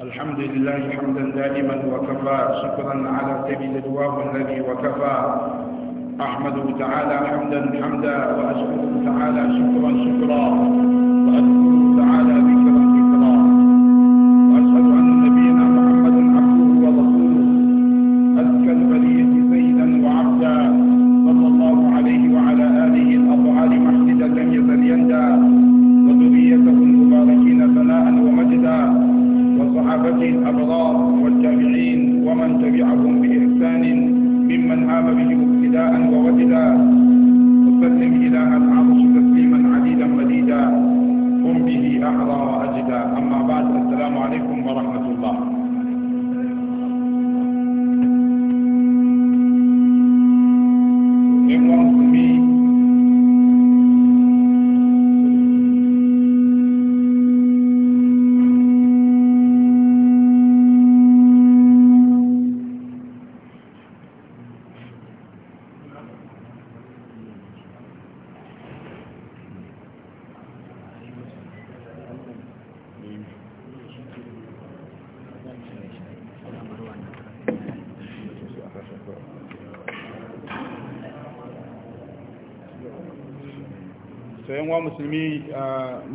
الحمد لله حمدا دائما وكفى شكرا على سبيل الدواب الذي وكفى أحمده تعالى حمدا حمدا وأشكره تعالى شكرا شكرا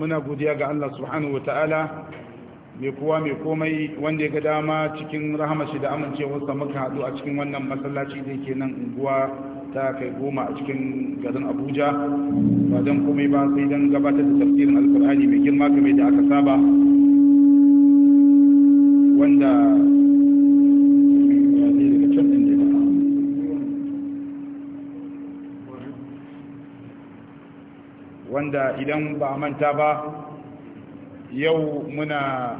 muna godiya ga Allah subhanahu ta'ala mai kuwa mai komai wanda ya ga dama cikin rahamashi da amincewarsa muka haɗu a cikin wannan masallaci da ke nan unguwa ta kai goma a cikin garin abuja ba don komai ba sai don gabatar da tafsirin alkur'ani mai girma game da aka saba wanda wanda idan ba a manta ba yau muna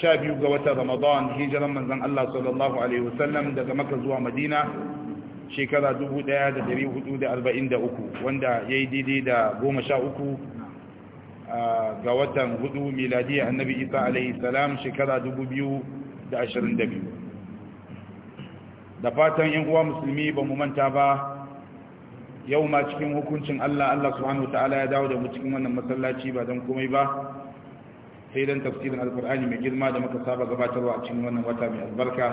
sha biyu ga watan ramadan hijiran manzan Allah sallallahu Alaihi wasallam daga maka zuwa madina shekara 1443 wanda ya yi daidai da goma sha uku ga watan hudu miladiyya annabi isa alaihi salam shekara 2022 da fatan yan uwa musulmi ba mu manta ba yau ma cikin hukuncin Allah Allah subhanahu ta'ala ya dawo da mu cikin wannan masallaci ba don komai ba sai dan tafsirin alkur'ani mai girma da muka saba gabatarwa a cikin wannan wata mai albarka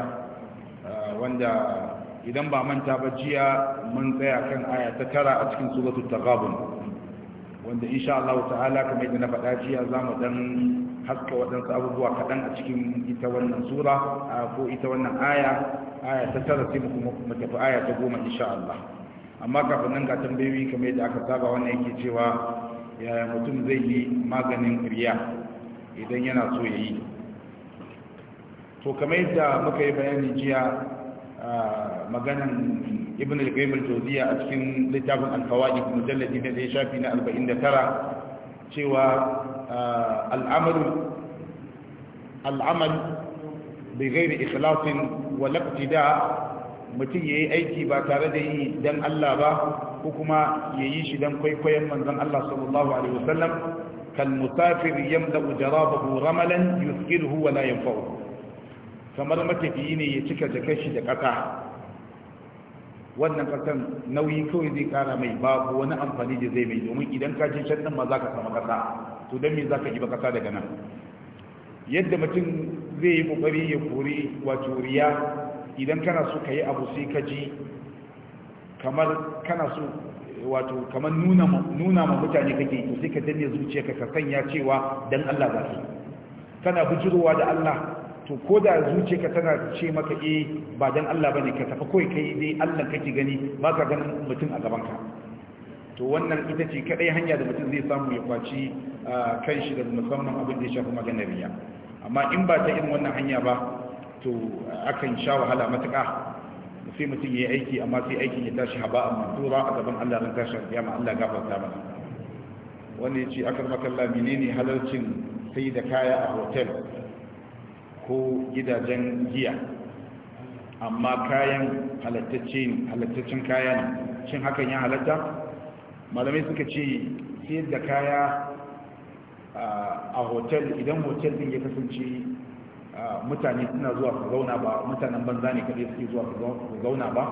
ah, wanda idan ba manta ba jiya mun tsaya kan aya ta tara a cikin suratul taghabun wanda insha Allah ta'ala kamar yadda na faɗa jiya zamu dan haska waɗansu abubuwa kaɗan a cikin ita wannan sura ah, ko ita wannan aya aya ta tara sai mu kuma tafi aya ta goma insha Allah amma kafin nan ga tambayoyi kamar yadda aka saba wannan yake cewa yaya mutum zai yi maganin riya idan yana so ya yi to kamar yadda muka yi bayani jiya maganan ibn al-qayyim al-jawziya a cikin littafin al-fawaid mujalladi na da shafi na 49 cewa al-amru al-amal bi ghairi ikhlasin wa laqtida mutum ya yi aiki ba tare da yi don Allah ba ko kuma ya yi shi don kwaikwayon manzon Allah sallallahu alaihi wasallam kal ujara yamda jarabahu ramalan yuskiruhu wa la fao. kamar matafiyi ne ya cika jakar shi da ƙasa wannan kasan nauyi kawai zai kara mai babu wani amfani da zai mai domin idan ka je can ma za ka sama kasa to don me za ka ba kasa daga nan yadda mutum zai yi kokari ya kori wato riya idan kana so ka yi abu sai ka ji kamar kana so wato kamar nuna ma mutane kake to sai ka danne zuciyarka ka sanya cewa dan Allah ba kai kana bujurowa da Allah to ko da zuciyarka tana ce maka eh ba dan Allah bane ka tafi kai kai dai Allah kake gani ba ka ganin mutum a gaban ka to wannan ita ce kadai hanya da mutum zai samu ya kwaci ah, kan shi da musamman abin da ya shafi maganar riya amma in ba ta irin wannan hanya ba to akan sha wahala matuƙa sai mutum ya yi aiki amma sai aikin ya tashi haba a matura a gaban Allah ran tashi ma Allah gafarta mana wani ya ce akar makalla menene halarcin sai da kaya a hotel ko gidajen giya amma kayan halattaccen kaya ne shin hakan ya halatta malamai suka ce sai da kaya a hotel idan hotel din ya kasance mutane suna zuwa su zauna ba mutanen banza ne kaɗai suke zuwa su zauna ba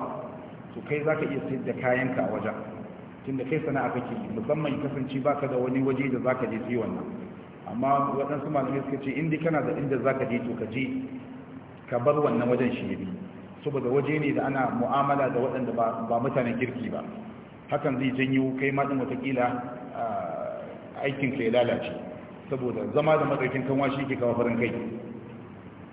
to kai za ka iya sayar da kayanka a wajen tunda kai sana'a kake yi musamman kasance baka da wani waje da zaka je siyo wannan amma waɗansu malamai suka ce indai kana da inda zaka je to ka je ka bar wannan wajen shi ne saboda waje ne da ana mu'amala da waɗanda ba ba mutanen kirki ba hakan zai janyo kai ma din watakila aikin ka ya lalace saboda zama da matsakin kanwa shi ke kawo farin kai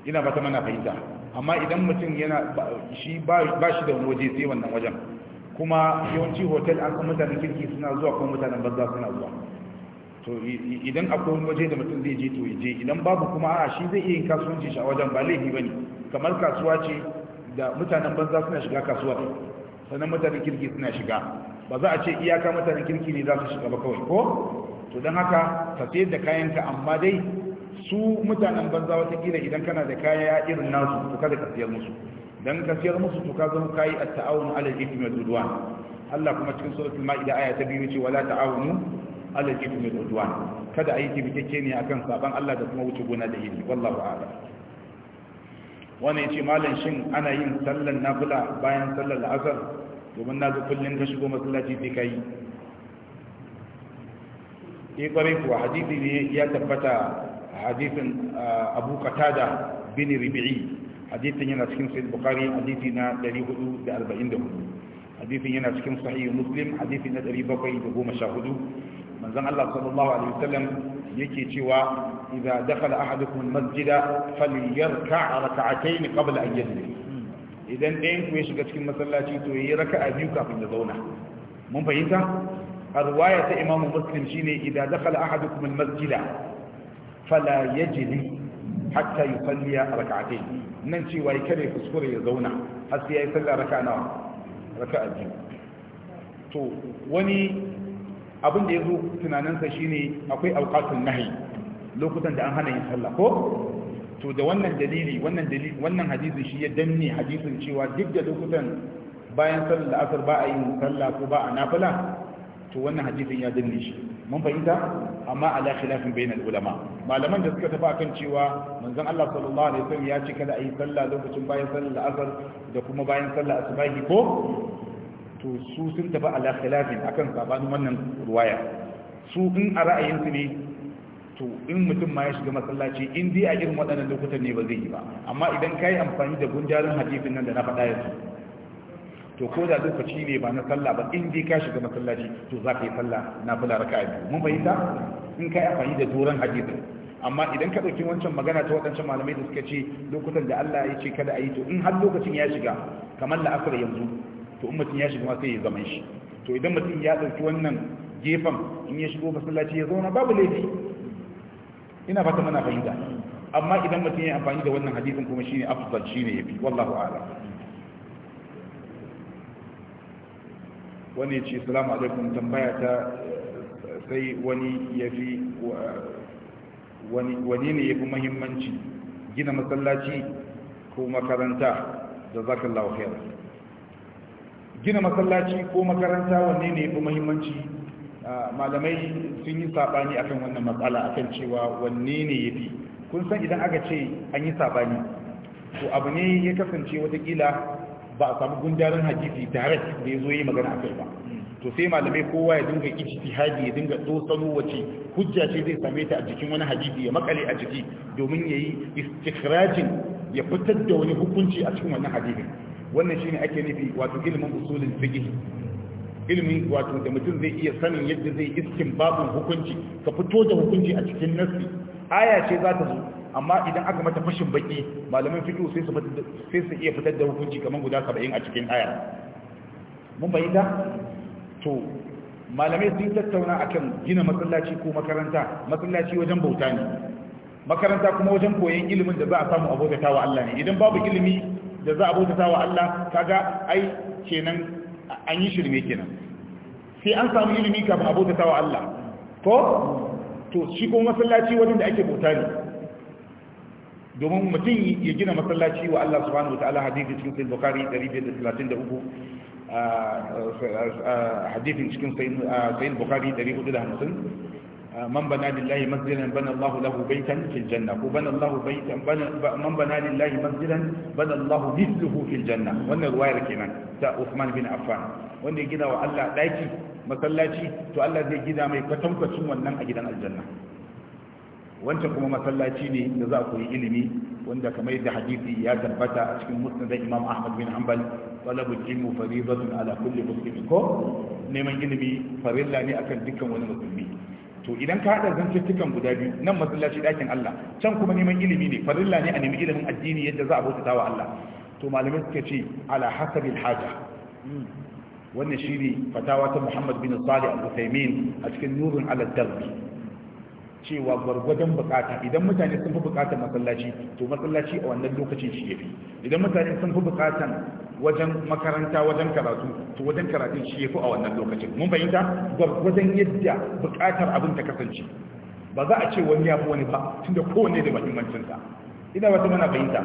ina ba ta mana fahimta amma idan mutum yana shi ba shi da waje sai wannan wajen kuma yawanci hotel an san mutanen kirki suna zuwa kuma mutanen banza suna zuwa to idan akwai waje da mutum zai je to je idan babu kuma a shi zai iya yin kasuwanci shi a wajen ba laifi bane kamar kasuwa ce da mutanen banza suna shiga kasuwar sannan mutanen kirki suna shiga ba za a ce iyaka mutanen kirki ne za su shiga ba kawai ko to don haka ka sayar da kayanka amma dai su mutanen banza watakila idan kana da kaya ya irin nasu to kada ka siyar musu dan ka siyar musu to ka zama kayi at-ta'awun ala al-ithmi wal Allah kuma cikin suratul ma'ida aya ta biyu ce wala ta'awunu ala al-ithmi wal udwan kada ayi tibitacce ne akan saban Allah da kuma wuce gona da ilimi wallahu a'lam wani ya ce malam shin ana yin sallan nafila bayan sallar la'asar domin na ga kullun ka shigo masallaci sai kai eh kwarai kuwa hadisi ne ya tabbata hadithin uh, abu qatada bin ribi'i hadithin yana cikin sahih bukhari hadisi na 444 hadithin yana cikin sahih muslim hadisi na 714 manzon Allah sallallahu alaihi wasallam yake cewa idza dakhala ahadukum almasjida falyarka' rak'atayn qabla an yajlis idan ɗayan ku ya shiga cikin masallaci to raka a biyu kafin ya zauna mun fahimta a riwaya ta imamu muslim shine idza dakhala ahadukum almasjida fala ya yajli hatta yusalliya rak'atayn nan cewa yi kare kuskure ya zauna har sai yayi sallah raka'a nawa raka'a biyu to wani abin da ya zo tunaninsa shine akwai auqatul nahi lokutan da an hana yin sallah ko to da wannan dalili wannan dalili wannan hadisi shi ya danne hadisin cewa duk da lokutan bayan sallar asar ba a yin sallah ko ba a nafila to wannan hadisin ya danne shi mun fahimta amma ala khilafin bainal ulama malaman da suka tafi akan cewa manzon Allah sallallahu alaihi wasallam ya ce kada ayi sallah lokacin bayan sallar asar da kuma bayan sallar asbahi ko to su sun tafi ala khilafin akan sabanin wannan ruwaya su in a ra'ayin su ne to in mutum ma ya shiga masallaci in dai a irin waɗannan lokutan ne ba zai yi ba amma idan kai amfani da gunjarin hadisin nan da na faɗa yanzu to ko da lokaci ne ba na sallah ba in dai ka shiga masallaci to za ka yi sallah na fula a biyu mun bayyana in ka yi amfani da doron hadisin amma idan ka ɗauki wancan magana ta waɗancan malamai da suka ce lokutan da Allah ya ce kada a yi to in har lokacin ya shiga kamar la'asar yanzu to in mutum ya shiga ma sai ya zama shi to idan mutum ya ɗauki wannan gefen in ya shigo masallaci ya zauna babu laifi ina fata mana fahimta amma idan mutum ya amfani da wannan hadisin kuma shine afdal shine yafi wallahu a'lam wani ce salamu alaikum tambaya ta sai wani ya fi wani ne ya fi mahimmanci gina masallaci ko makaranta da zaka lauhera gina masallaci ko makaranta wani ne ya fi mahimmanci malamai sun yi saɓani akan wannan matsala akan cewa wani ne ya fi kun san idan aka ce an yi saɓani to abu ne ya kasance watakila ba a samu gundarin hadisi tare da ya zo yi magana a kai ba to sai malamai kowa ya dinga ijtihadi ya dinga tsotsano wace hujja ce zai same ta a jikin wani hadisi ya makale a jiki domin ya yi istikhrajin ya fitar da wani hukunci a cikin wannan hadisi wannan shine ake nufi wato ilimin usulin fiqh Ilimin wato da mutum zai iya sanin yadda zai iskin babin hukunci ka fito da hukunci a cikin nassi aya ce za ta zo amma idan aka mata fashin baki malamin fiqh sai su sai su iya fitar da hukunci kaman guda 70 a cikin ayar mun bayyana to malamai sun tattauna akan gina masallaci ko makaranta masallaci wajen bauta ne makaranta kuma wajen koyon ilimin da za a samu abota wa Allah ne idan babu ilimi da za a abota wa Allah kaga ai kenan an yi shirme kenan sai an samu ilimi kafin abota wa Allah ko to shi ko masallaci wajen da ake bauta ne domin mutum ya gina masallaci wa Allah subhanahu wataala hadisi cikin bukhari cikin sahih bukhari 450 man bana lillahi masjidan bana Allah lahu baitan fil janna ko bana Allah baitan man bana lillahi masjidan bana Allah mithluhu fil janna wannan riwayar kenan ta Uthman bin Affan wanda ya gina wa Allah daki masallaci to Allah zai gina mai kwatankwacin wannan a gidan aljanna wancan kuma masallaci ne da za a koyi ilimi wanda kamar yadda hadisi ya tabbata a cikin musnadin Imam Ahmad bin Hanbal talabul ilmi faridatun ala kulli muslimin ko neman ilimi farilla ne akan dukkan wani musulmi to idan ka hada zantuttukan guda biyu nan masallaci dakin Allah can kuma neman ilimi ne farilla ne a nemi ilimin addini yadda za a bauta wa Allah to malamai suka ce ala hasabil haja wannan shine fatawa ta Muhammad bin Salih al-Uthaymeen a cikin nurun ala darbi cewa gwargwadon bukata idan mutane sun fi bukatar masallaci to masallaci a wannan lokacin shi ya fi idan mutane sun fi bukatar wajen makaranta wajen karatu to wajen karatun shi ya fi a wannan lokacin mun fahimta gwargwadon yadda bukatar abin ta kasance ba za a ce wani ya fi wani ba tunda kowanne da muhimmancinsa ina wata mana fahimta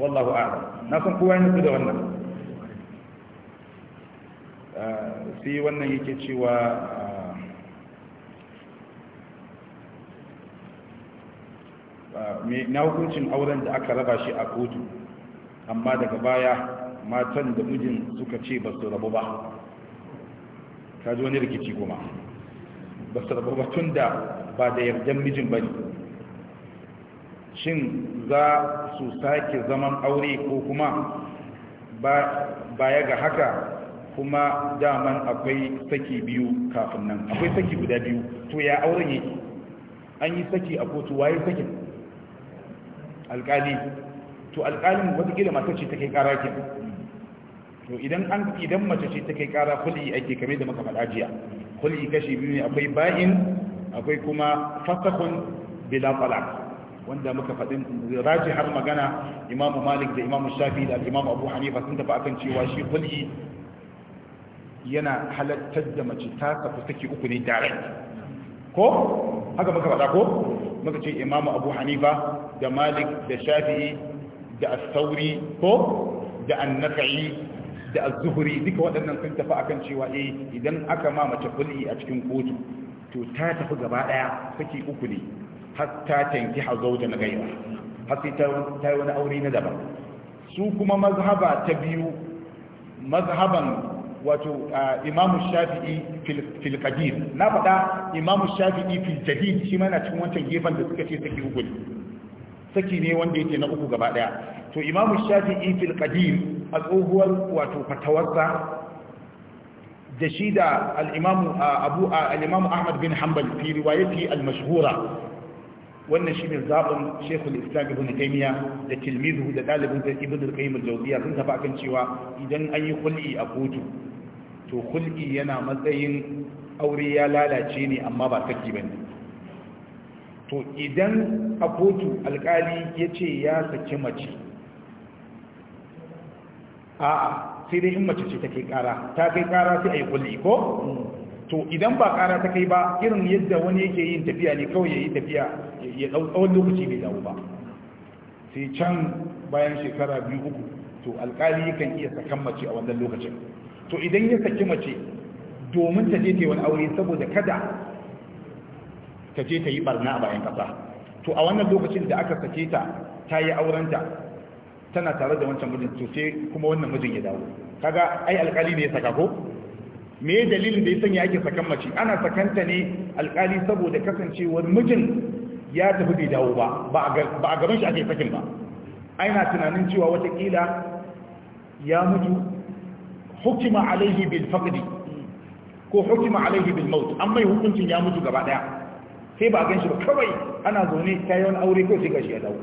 wallahu a'lam na san kowa ya nufi da wannan ah, sai wannan yake cewa na hukuncin auren da aka raba shi a kotu amma daga baya matan da mijin suka ce ba su rabu ba ta ji wani rikici kuma ba su rabu ba tun da ba da yardan mijin ba ne shin za su sake zaman aure ko kuma baya ga haka kuma daman akwai saki biyu kafin nan akwai saki guda biyu to ya auren yake an yi saki a kotu waye sakin alkali to alkalin watakila mata ce ta kai ƙara ke to idan an idan mace ce ta kai ƙara kuli ake kame da maka faɗa jiya kuli kashi biyu ne akwai bayin akwai kuma fasakun bila talaq wanda muka faɗin raji har magana imamu malik da imamu shafi da imamu abu hanifa sun tafi akan cewa shi kuli yana halattar da mace ta tafi saki uku ne direct ko haka muka faɗa ko muka ce imamu abu hanifa da malik da shafi'i da astauri ko da annafi da az duka waɗannan sun tafi akan cewa eh idan aka ma mace kulli a cikin kotu to ta tafi gaba daya saki uku ne har ta tanki hazauja na gaiba har sai ta yi wani aure na daban su kuma mazhaba ta biyu mazhaban wato imamu shafi'i fil na faɗa imamu shafi'i fil jadid shi ma na cikin wancan gefen da suka ce saki uku ne saki ne wanda yake na uku gaba daya to imam shafi'i fil qadim a tsohuwar wato fatawarsa da shi da al-imam abu al-imam ahmad bin hanbal fi riwayati al-mashhura wannan shine zabin Sheikh al-Islam Ibn Taymiyyah da tilmizuhu da dalibin sa Ibn al-Qayyim al-Jawziyya sun tafi akan cewa idan an yi khul'i a kotu to khul'i yana matsayin aure ya lalace ne amma ba saki bane to idan a kotu alkali ya ce ya saki mace a sai dai in mace ce take kara ta kai kara sai a yi kulli ko to idan ba kara ta kai ba irin yadda wani yake yin tafiya ne kawai ya yi tafiya ya tsawon lokaci bai dawo ba sai can bayan shekara biyu uku to alkali kan iya sakan mace a wannan lokacin to idan ya saki mace domin ta je ta wani aure saboda kada ta je ta yi barna a bayan ƙasa. to a wannan lokacin da aka sake ta ta yi aurenta tana tare da wancan mijin to sai kuma wannan mijin ya dawo kaga ai alƙali ne ya saka ko me dalilin da ya sanya ake sakan mace ana sakanta ne alƙali saboda kasancewar mijin ya tafi bai dawo ba ba a gaban shi ake sakin ba aina tunanin cewa watakila ya mutu hukima alaihi bil faqdi ko hukima alaihi bil maut amma hukuncin ya mutu gaba daya sai ba a gan shi ba kawai ana zaune ta yi wani aure ko sai gashi ya dawo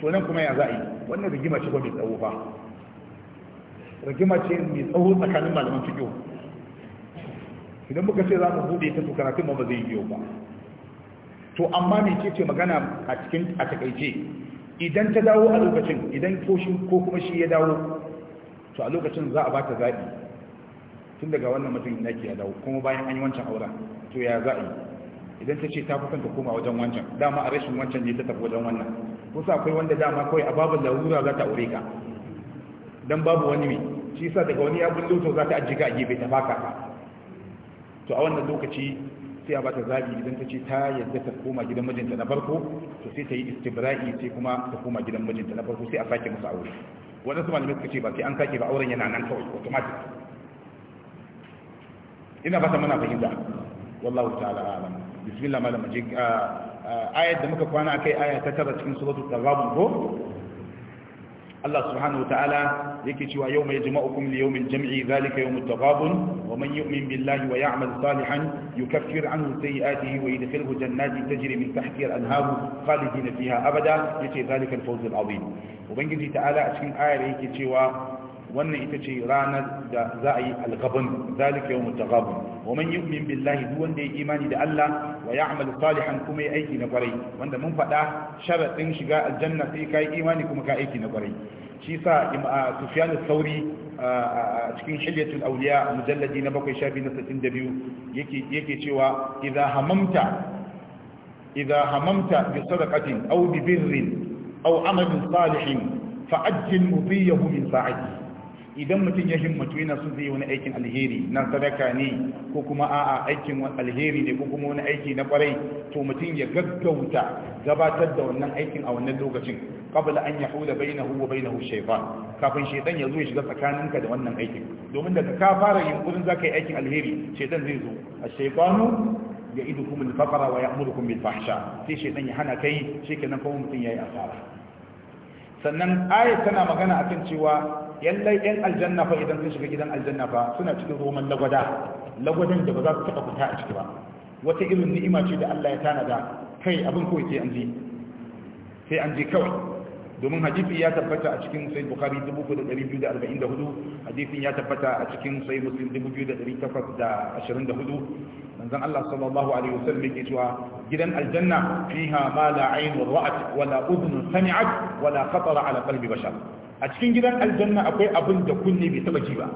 to nan kuma ya za'a yi wannan rigima ce ba mai tsawo ba rigima ce mai tsawo tsakanin malaman fiƙo idan muka ce za mu buɗe ta to karatun ba zai biyo ba to amma mai ce ce magana a cikin a takaice idan ta dawo a lokacin idan ko shi ko kuma shi ya dawo to a lokacin za a bata zaɓi tun daga wannan mutum ina ke ya dawo kuma bayan an yi wancan auren to ya za'a yi idan ta ce ta fi kanta koma wajen wancan dama a rashin wancan ne ta tafi wajen wannan kusa akwai wanda dama kawai a babu larura za ta aure ka dan babu wani mai shi sa daga wani abin loto za ta ajiye ka a gefe ta baka ka to a wannan lokaci sai a bata zabi idan ta ce ta yadda ta koma gidan mijinta na farko to sai ta yi istibra'i sai kuma ta koma gidan mijinta na farko sai a sake musu aure wannan su malamai suka ce ba sai an sake ba auren yana nan kawai automatic ina ba ta mana fahimta wallahu ta'ala a'lamu bismillah malam je ah, ah, ayat da muka kwana akai aya ta tara cikin suratul taghabun ko Allah subhanahu wataala yake cewa yawma yajma'ukum li yawmin jam'i dhalika yawmut taghabun wa man yu'min billahi wa ya'mal salihan yukaffir anhu sayi'atihi wa yadkhilhu jannatin tajri min tahtiha al-anharu khalidina fiha abada yace dhalika al-fawz al-'azim ubangiji ta'ala a cikin ayar yake cewa wannan ita ce ranar da za a yi algaban zalika yawmul taghabun wa man yu'min billahi duk wanda ya imani da Allah wa ya'mal salihan kuma ya aiki na kwarai wanda mun faɗa sharadin shiga aljanna sai kai imani kuma ka aiki na kwarai shi sa Sufyan sauri thawri a cikin Hilyatul Awliya mujalladi na 7 shafi na 62 yake yake cewa idza hamamta idza hamamta bi sadaqatin aw bi birrin aw amalin salihin fa'ajjil mudiyahu min sa'ati idan mutum ya himmatu yana so zai wani aikin alheri na sadaka ne ko kuma a'a aikin alheri ne ko kuma wani aiki na kwarai to mutum ya gaggauta gabatar da wannan aikin a wannan lokacin qabla an yahula bainahu wa bainahu shaytan kafin shaytan ya zo ya shiga tsakaninka da wannan aikin domin daga ka fara yunkurin zaka yi aikin alheri shaytan zai zo ash-shaytanu ya'idukum al-faqra wa ya'murukum bil fahsha sai shaytan ya hana kai shikenan kuma mutum yi asara sannan ayat tana magana akan cewa yallai yan aljanna fa idan sun shiga gidan aljanna fa suna cikin roman lagwada lagwadan da ba za su taɓa fita a ciki ba wata irin ni'ima ce da Allah ya tanada kai abin kawai sai an je sai an je kawai domin hadisi ya tabbata a cikin sai bukari 3244 hadisin ya tabbata a cikin sai muslim 2824 manzon Allah sallallahu alaihi wasallam yake cewa gidan aljanna fiha ma la ayn ra'at wala udhun sami'at wala khatara ala qalbi bashar a cikin gidan aljanna akwai abin da kunne bai taba ji ba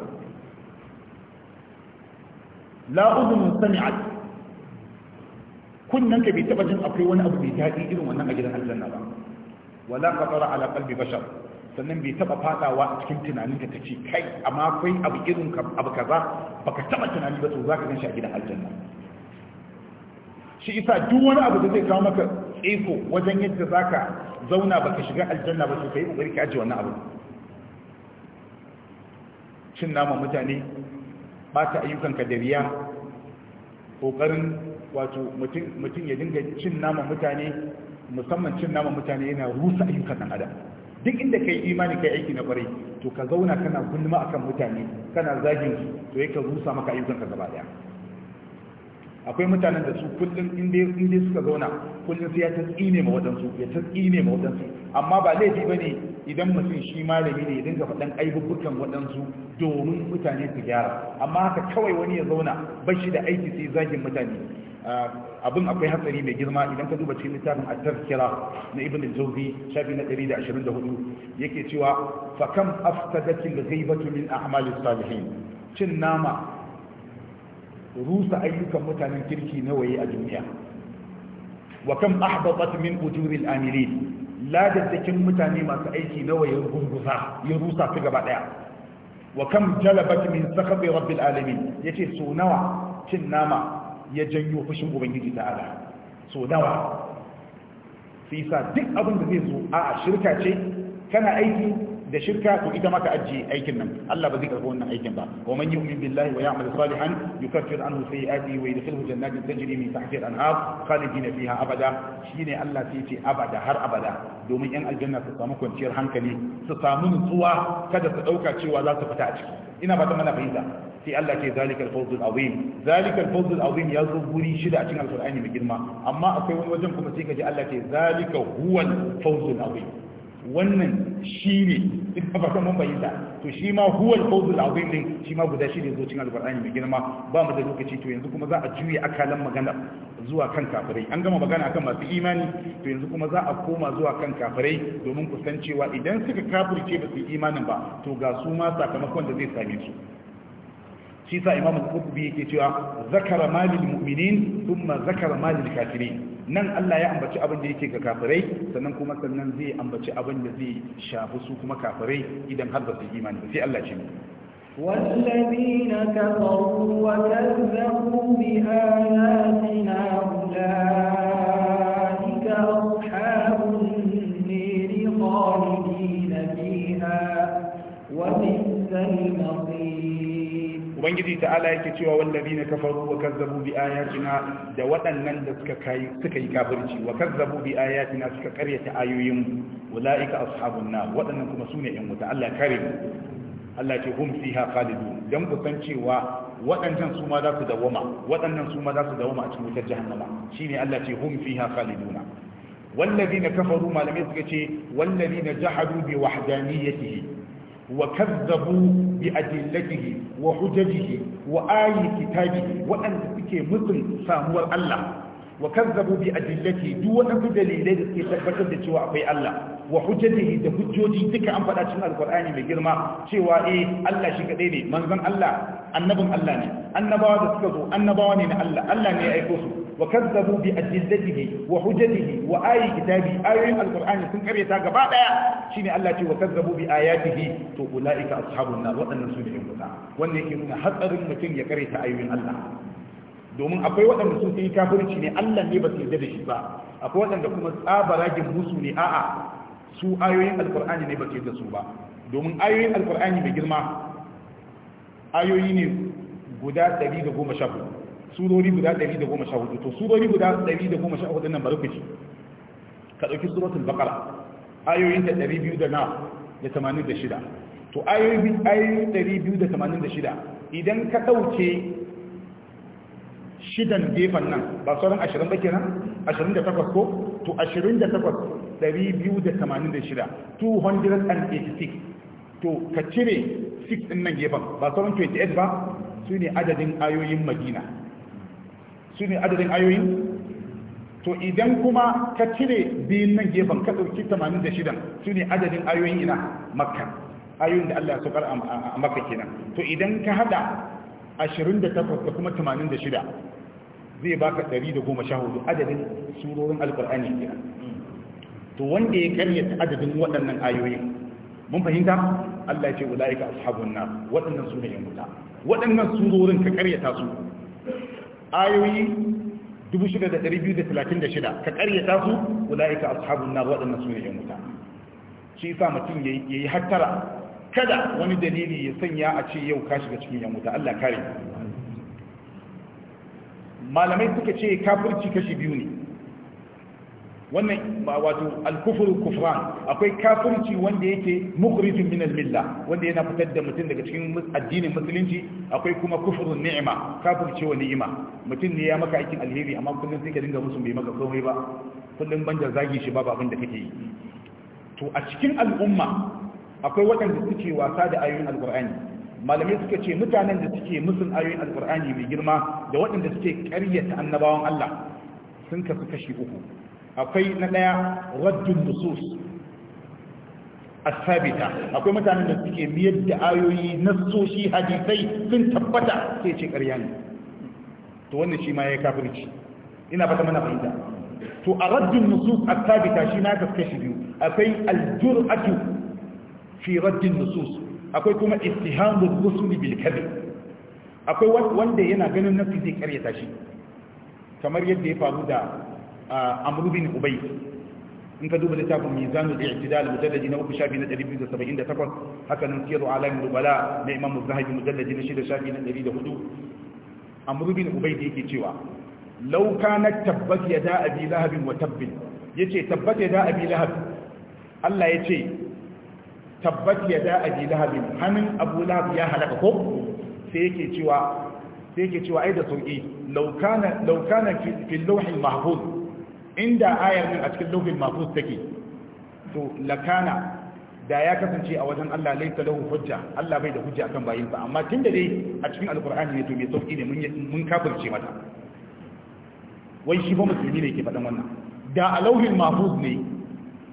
la udhun sami'at kunnan ka bai taba jin akwai wani abu mai daɗi irin wannan a gidan aljanna ba wala qatara ala qalbi bashar sannan bai taba fadawa a cikin tunanin ka tace kai amma akwai abu irin abu kaza baka taba tunani ba to zaka gan shi a gidan aljanna shi isa duk wani abu da zai kawo maka iko wajen yadda za ka zauna ba ka shiga aljanna ba to ka yi ƙoƙari ka ajiye wannan abu cin nama mutane ɓata ayyukanka da riya ƙoƙarin wato mutum ya dinga cin nama mutane musamman cin nama mutane yana rusa ayyukan ɗan adam duk inda ka yi imani yi aiki na ƙwarai to ka zauna kana gulma akan mutane kana zagin su to yake rusa maka ayyukan ka gaba daya akwai mutanen da su kullum in dai suka zauna kullum sai ya ta ne mawadansu ya ta ne mawadansu amma ba laifi ba ne idan mutum shi malami ne ya dinga faɗan aibubukan waɗansu domin mutane su gyara amma haka kawai wani ya zauna ba shi da aiki sai zagin mutane ah, abin akwai hatsari mai girma idan ka duba cikin littafin attar kira na ibn al-jawzi shafi na 124 yake cewa fa kam afsadatil ghaibatu min a'malis salihin cin nama rusa ayyukan mutanen kirki na waye a duniya wa kam ahbabat min ujuril amilin ladaddakin mutane masu aiki na waye gurguza ya rusa su gaba daya wa kam jalabat min sakhabi rabbil alamin yace so nawa cin nama ya janyo fushin ubangiji ta'ala so nawa sai duk abin da zai zo a shirka ce kana aiki da shirka to ita maka ajiye aikin nan Allah ba zai karɓi wannan aikin ba wa man yu'min billahi wa ya'mal salihan yukaffir anhu sayi'atihi wa yadkhuluhu jannatin tajri min tahtiha al-anhar khalidina fiha abada shine Allah sai ce abada har abada domin yan aljanna su samu kwanciyar hankali su samu nutsuwa kada su dauka cewa za su fita a ciki ina ba ta mana fahimta sai Allah ke zalikal fawzul azim zalikal fawzul azim ya zo guri shida a cikin alqur'ani mai girma amma akwai wani wajen kuma sai ka ji Allah ke zalika huwal fawzul azim wannan shine ina ba mun bayyana to shi ma huwa al-fawzul azim din shi ma guda shi ne zo cikin alqur'ani mai girma ba mu da lokaci to yanzu kuma za a juye akalan magana zuwa kan kafirai an gama magana akan masu imani to yanzu kuma za a koma zuwa kan kafirai domin ku san cewa idan suka kafirce ba su yi imanin ba to ga su ma sakamakon da zai same su shi sa imamu kubbi yake cewa zakara malil mu'minin thumma zakara malil kafirin nan Allah ya ambaci abin da yake ga kafirai sannan kuma sannan zai ambaci abin da zai shafi su kuma kafirai idan har ba su imani ba sai Allah ce والذين كفروا وكذبوا بآياتنا أولئك أصحاب النير خالدين فيها وبئس المصير ubangiji ta'ala yake cewa wallazina kafaru wa kazzabu bi ayatina da waɗannan da suka kai suka yi kafirci wa kazzabu bi ayatina suka karyata ayoyin ulaika ashabun nar waɗannan kuma sune yan wuta Allah kare mu Allah ce hum fiha khalidun dan ku san cewa waɗannan su ma za su dawama waɗannan su ma za su dawama a cikin wutar jahannama shine Allah ce hum fiha khaliduna wallazina kafaru malamai suka ce wallazina jahadu bi wahdaniyyatihi وكذبوا بأدلته وحججه وآي كتابه وأن تكي مثل سامور الله wa kazzabu bi adillati duk wadansu dalilai da suke tabbatar da cewa akwai Allah wa hujjatihi da hujjoji duka an faɗa cikin alqur'ani mai girma cewa eh Allah shi kadai ne manzon Allah annabin Allah ne annabawa da suka zo annabawa ne na Allah Allah ne ya aiko su wa kazzabu bi adillatihi wa hujjatihi wa ayi kitabi ayoyin alqur'ani sun karyata gaba daya shine Allah ce wa kazzabu bi ayatihi to ulaika ashabun nar wadannan su ne yan wannan yake nuna hatsarin mutum ya karyata ayoyin Allah domin akwai waɗanda sun yi kafirci ne Allah ne ba su yarda da shi ba akwai waɗanda kuma tsabaragin musu ne a'a su ayoyin alkur'ani ne ba su yarda su ba domin ayoyin alkur'ani mai girma ayoyi ne guda 114 surori guda 114 to surori guda 114 nan bari ku ci ka ɗauki suratul baqara ayoyin ta 200 da na da 86 to ayoyi 286 idan ka ɗauke shidan gefen nan ba sauran ashirin ba kenan ashirin da takwas ko to ashirin da takwas ɗari biyu da tamanin da shida 286 to ka cire 6 ɗin nan gefen ba sauran 28 ba su ne adadin ayoyin madina su ne adadin ayoyin to idan kuma ka cire biyun nan gefen ka ɗauki 86 su ne adadin ayoyin ina makka ayoyin da Allah ya saukar a makka kenan to idan ka hada ashirin da takwas da kuma tamanin da shida zai baka ɗari da goma sha hudu adadin surorin alkur'ani kenan to wanda ya karyata adadin waɗannan ayoyin, mun fahimta Allah ya ce ulaika ashabun nar waɗannan su ne yan wuta waɗannan surorin ka ta su ayoyi 6236 ka ta su ulaika ashabun nar waɗannan su ne yan wuta shi yasa mutum yayi hattara kada wani dalili ya sanya a ce yau ka shiga cikin yammu da Allah kare malamai suka ce kafirci kashi biyu ne wannan wato al-kufru kufran akwai kafirci wanda yake mukhrijun min al-milla wanda yana fitar da mutum daga cikin addinin musulunci akwai kuma kufrun ni'ima kafirci wa ni'ima mutum ne ya maka aikin alheri amma kullum sai ka dinga musu bai maka komai ba kullum banda zagi shi babu abin da kake yi to a cikin al'umma akwai waɗanda suke wasa da ayoyin Alƙur'ani? malamai suka ce mutanen da suke musun ayoyin Alƙur'ani mai girma da waɗanda suke ƙaryata annabawan Allah sun kasu kashi uku akwai na ɗaya raddun nusus asabita akwai mutanen da suke miyar da ayoyi nassoshi hadisai sun tabbata sai ce ƙarya ne to wannan shi ma ya kafirci ina fata mana fahimta to a raddun nusus asabita shi na kaskashi biyu akwai aljur'atu fi raddin nusus akwai kuma istihamul rusuli bil kadhib akwai wanda yana ganin nafi zai karyata shi kamar yadda ya faru da amru bin ubay in ka duba littafin mizanul i'tidal mujalladi na uku shafi na 278 haka nan siyaru alamin rubala na imam zahabi mujalladi na shida shafi na 104 amru bin ubay da yake cewa law kanat tabbat yada abi lahab wa tabb yace tabbat yada abi lahab Allah ya ce. tabbat ya da abi lahabin hannun abu lahab ya halaka ko sai yake cewa sai yake cewa ai da sauki laukana laukana fil lawhil mahfuz inda ayar nan a cikin lawhil mahfuz take to lakana da ya kasance a wajen Allah laisa lahu hujja Allah bai da hujja akan bayinsa amma tunda dai a cikin alqur'ani ne to me sauki ne mun kafirce mata wai shi ba musulmi ne ke faɗan wannan da a alauhin mahfuz ne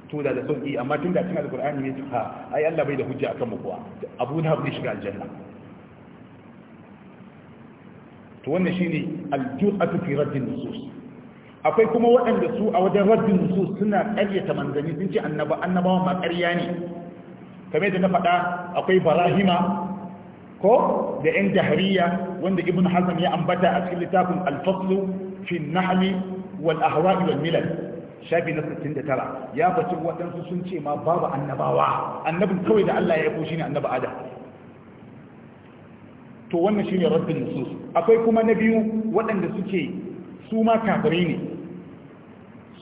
to da da sauki amma tun da cin alkur'ani ne ha ai Allah bai da hujja akan mu kuwa abu da bai shiga aljanna to wannan shine alju'atu fi raddin nusus akwai kuma waɗanda su a wajen raddin nusus suna ƙaryata manzanni sun ce annaba annabawan ma ƙarya ne kamar yadda na faɗa akwai barahima ko da yan jahriya wanda ibn hazm ya ambata a cikin littafin al-fasl fi an-nahl wal ahwa' wal milal shafi na 69 ya baci waɗansu sun ce ma babu annabawa annabin kawai da Allah ya aiko shine annabi Adam to wannan shine rabbin nusus akwai kuma na biyu waɗanda suke su ma ne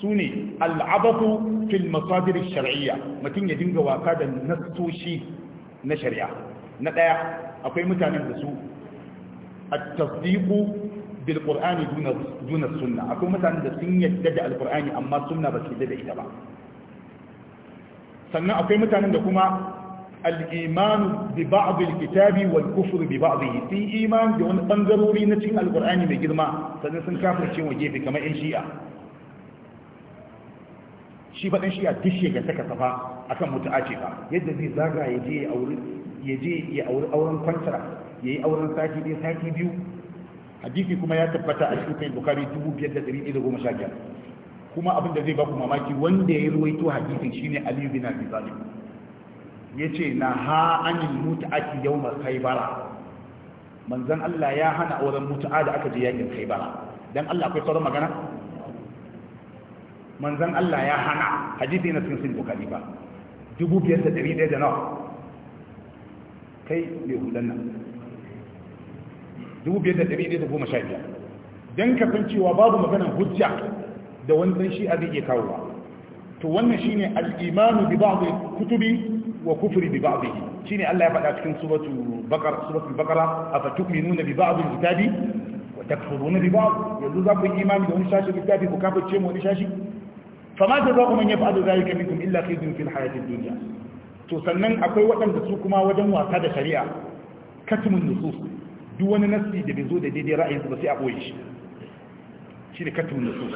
su ne al'abatu fil masadir shar'iyya mutum ya dinga waka da nasoshi na shari'a na ɗaya akwai mutanen da su at-tasdiqu bil qur'ani sunna akwai mutanen da sun yadda da alqur'ani amma sunna ba su yadda da ita ba sannan akwai mutanen da kuma al-iman bi ba'd al-kitabi wal kufr bi ba'dihi iman da wani bangarori na cikin alqur'ani mai girma sannan sun kafirce wa gefe kamar yan shi'a shi faɗin shi a dishe ga saka safa akan mutu'a ce ba yadda zai zaga ya je ya auri auren kwantara ya yi auren sati ɗaya sati biyu hadisi kuma ya tabbata a cikin bukhari 5115 kuma abin da zai ba ku mamaki wanda ya ruwaito hadisin shine ali bin abi talib yace na ha anil mut'ati yawma khaybara manzon Allah ya hana auren mutu'a da aka je yakin khaybara dan Allah akwai sauran magana manzon Allah ya hana hadisi na cikin bukhari ba 5100 da nawa kai ne hudan nan Dubu biyar. da da biyar sha don kafin cewa babu maganan hujja da wani wannan shi a zai iya kawowa to wannan shine al-imanu bi ba'd kutubi wa kufri bi ba'd shine Allah ya faɗa cikin suratu baqara suratul baqara afatu'minuna bi ba'd al-kitabi wa takfuruna bi ba'd yanzu za ku yi imani da wani shashi kitabi ku ce mu wani shashi fama jazaa'u man yaf'alu dhalika minkum illa khizyun fil hayatid dunya to sannan akwai waɗanda su kuma wajen wasa da shari'a katmun nusus duk wani nassi da bai zo da daidai ra'ayin su ba sai a boye shi shi ne katin nusus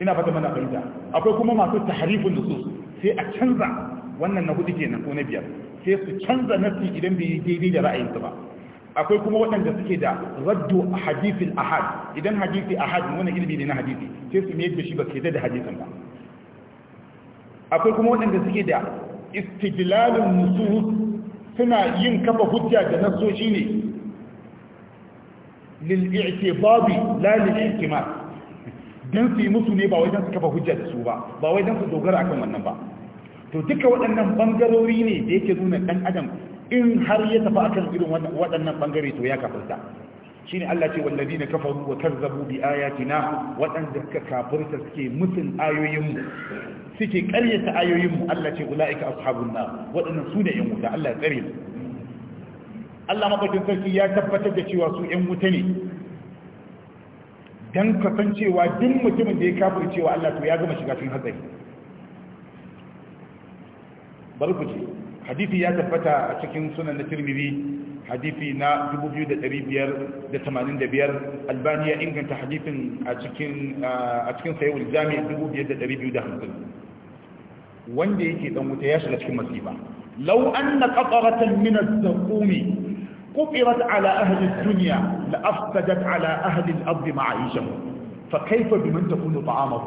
ina fata mana fahimta akwai kuma masu tahrifin nusus sai a canza wannan na hudu kenan ko na biyar sai su canza nassi idan bai daidai da ra'ayin su ba akwai kuma waɗanda suke da raddu hadithin ahad idan hadithi ahad wani ilimi ne na hadithi sai su mayar da shi ba ke da hadithin ba akwai kuma waɗanda suke da istidlalun nusus suna yin kafa hujja da nasoshi ne lil'i'tibabi la lil'i'timad dan su yi musu ne ba wai dan su kafa hujja da su ba ba wai dan su dogara akan wannan ba to duka waɗannan ɓangarori ne da yake nuna ɗan adam in har ya tafi akan irin waɗannan ɓangare to ya kafirta shine Allah ce wallazina kafaru wa kazzabu bi ayatina waɗanda suka kafarta suke mutun ayoyinmu suke ƙaryata ayoyinmu mu Allah ce ulaika ashabun nar waɗannan su ne yan wuta Allah ya tsare mu Allah mabakin sarki ya tabbatar da cewa su ‘yan wuta ne don kasancewa duk mutumin da ya kafin cewa Allah to ya gama shiga cikin hatsari bari ku ce hadithi ya tabbata a cikin sunan na tirmidhi hadithi na 2585 albani ya inganta hadithin a cikin a cikin sayyid jami 2250 wanda yake dan wuta ya shiga cikin masifa Lau law anna qataratan min da ƙumi. قطرت على أهل الدنيا لأفسدت على أهل الأرض معايشهم فكيف بمن تكون طعامه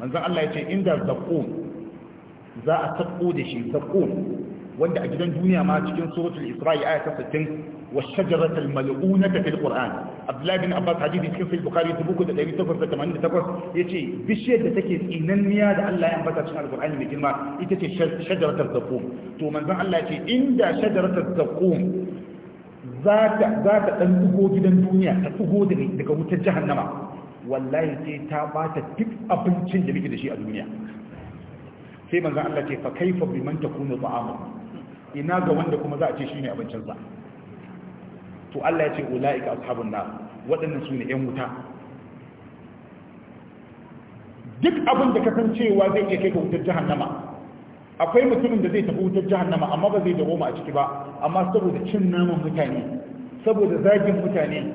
من ذا الله يتي إن ذا زقوم ذا أتقود شيء زقوم wanda a gidan duniya ma cikin suratul isra'i aya ta 60 wa shajaratul mal'unata fil qur'an abdullahi bin abbas hadisi cikin sahih bukhari tubuku da 1888 yace bishiyar da take tsinanniya da Allah ya ambata cikin alqur'ani mai girma ita ce shajaratul zaqum to manzon Allah yace inda shajaratul zaqum za ta za ta dan dugo gidan duniya ta dugo daga wutar jahannama wallahi sai ta bata duk abincin da muke da shi a duniya sai manzon Allah ce fa kaifa biman takunu ta'amu ina ga wanda kuma za a ce shine abincin sa to Allah ya ce ulaika ashabun nar waɗannan su ne yan wuta duk abin da ka san cewa zai iya kai ka wutar jahannama akwai mutumin da zai tafi wutar jahannama amma ba zai dawo a ciki ba amma saboda cin naman mutane saboda zagin mutane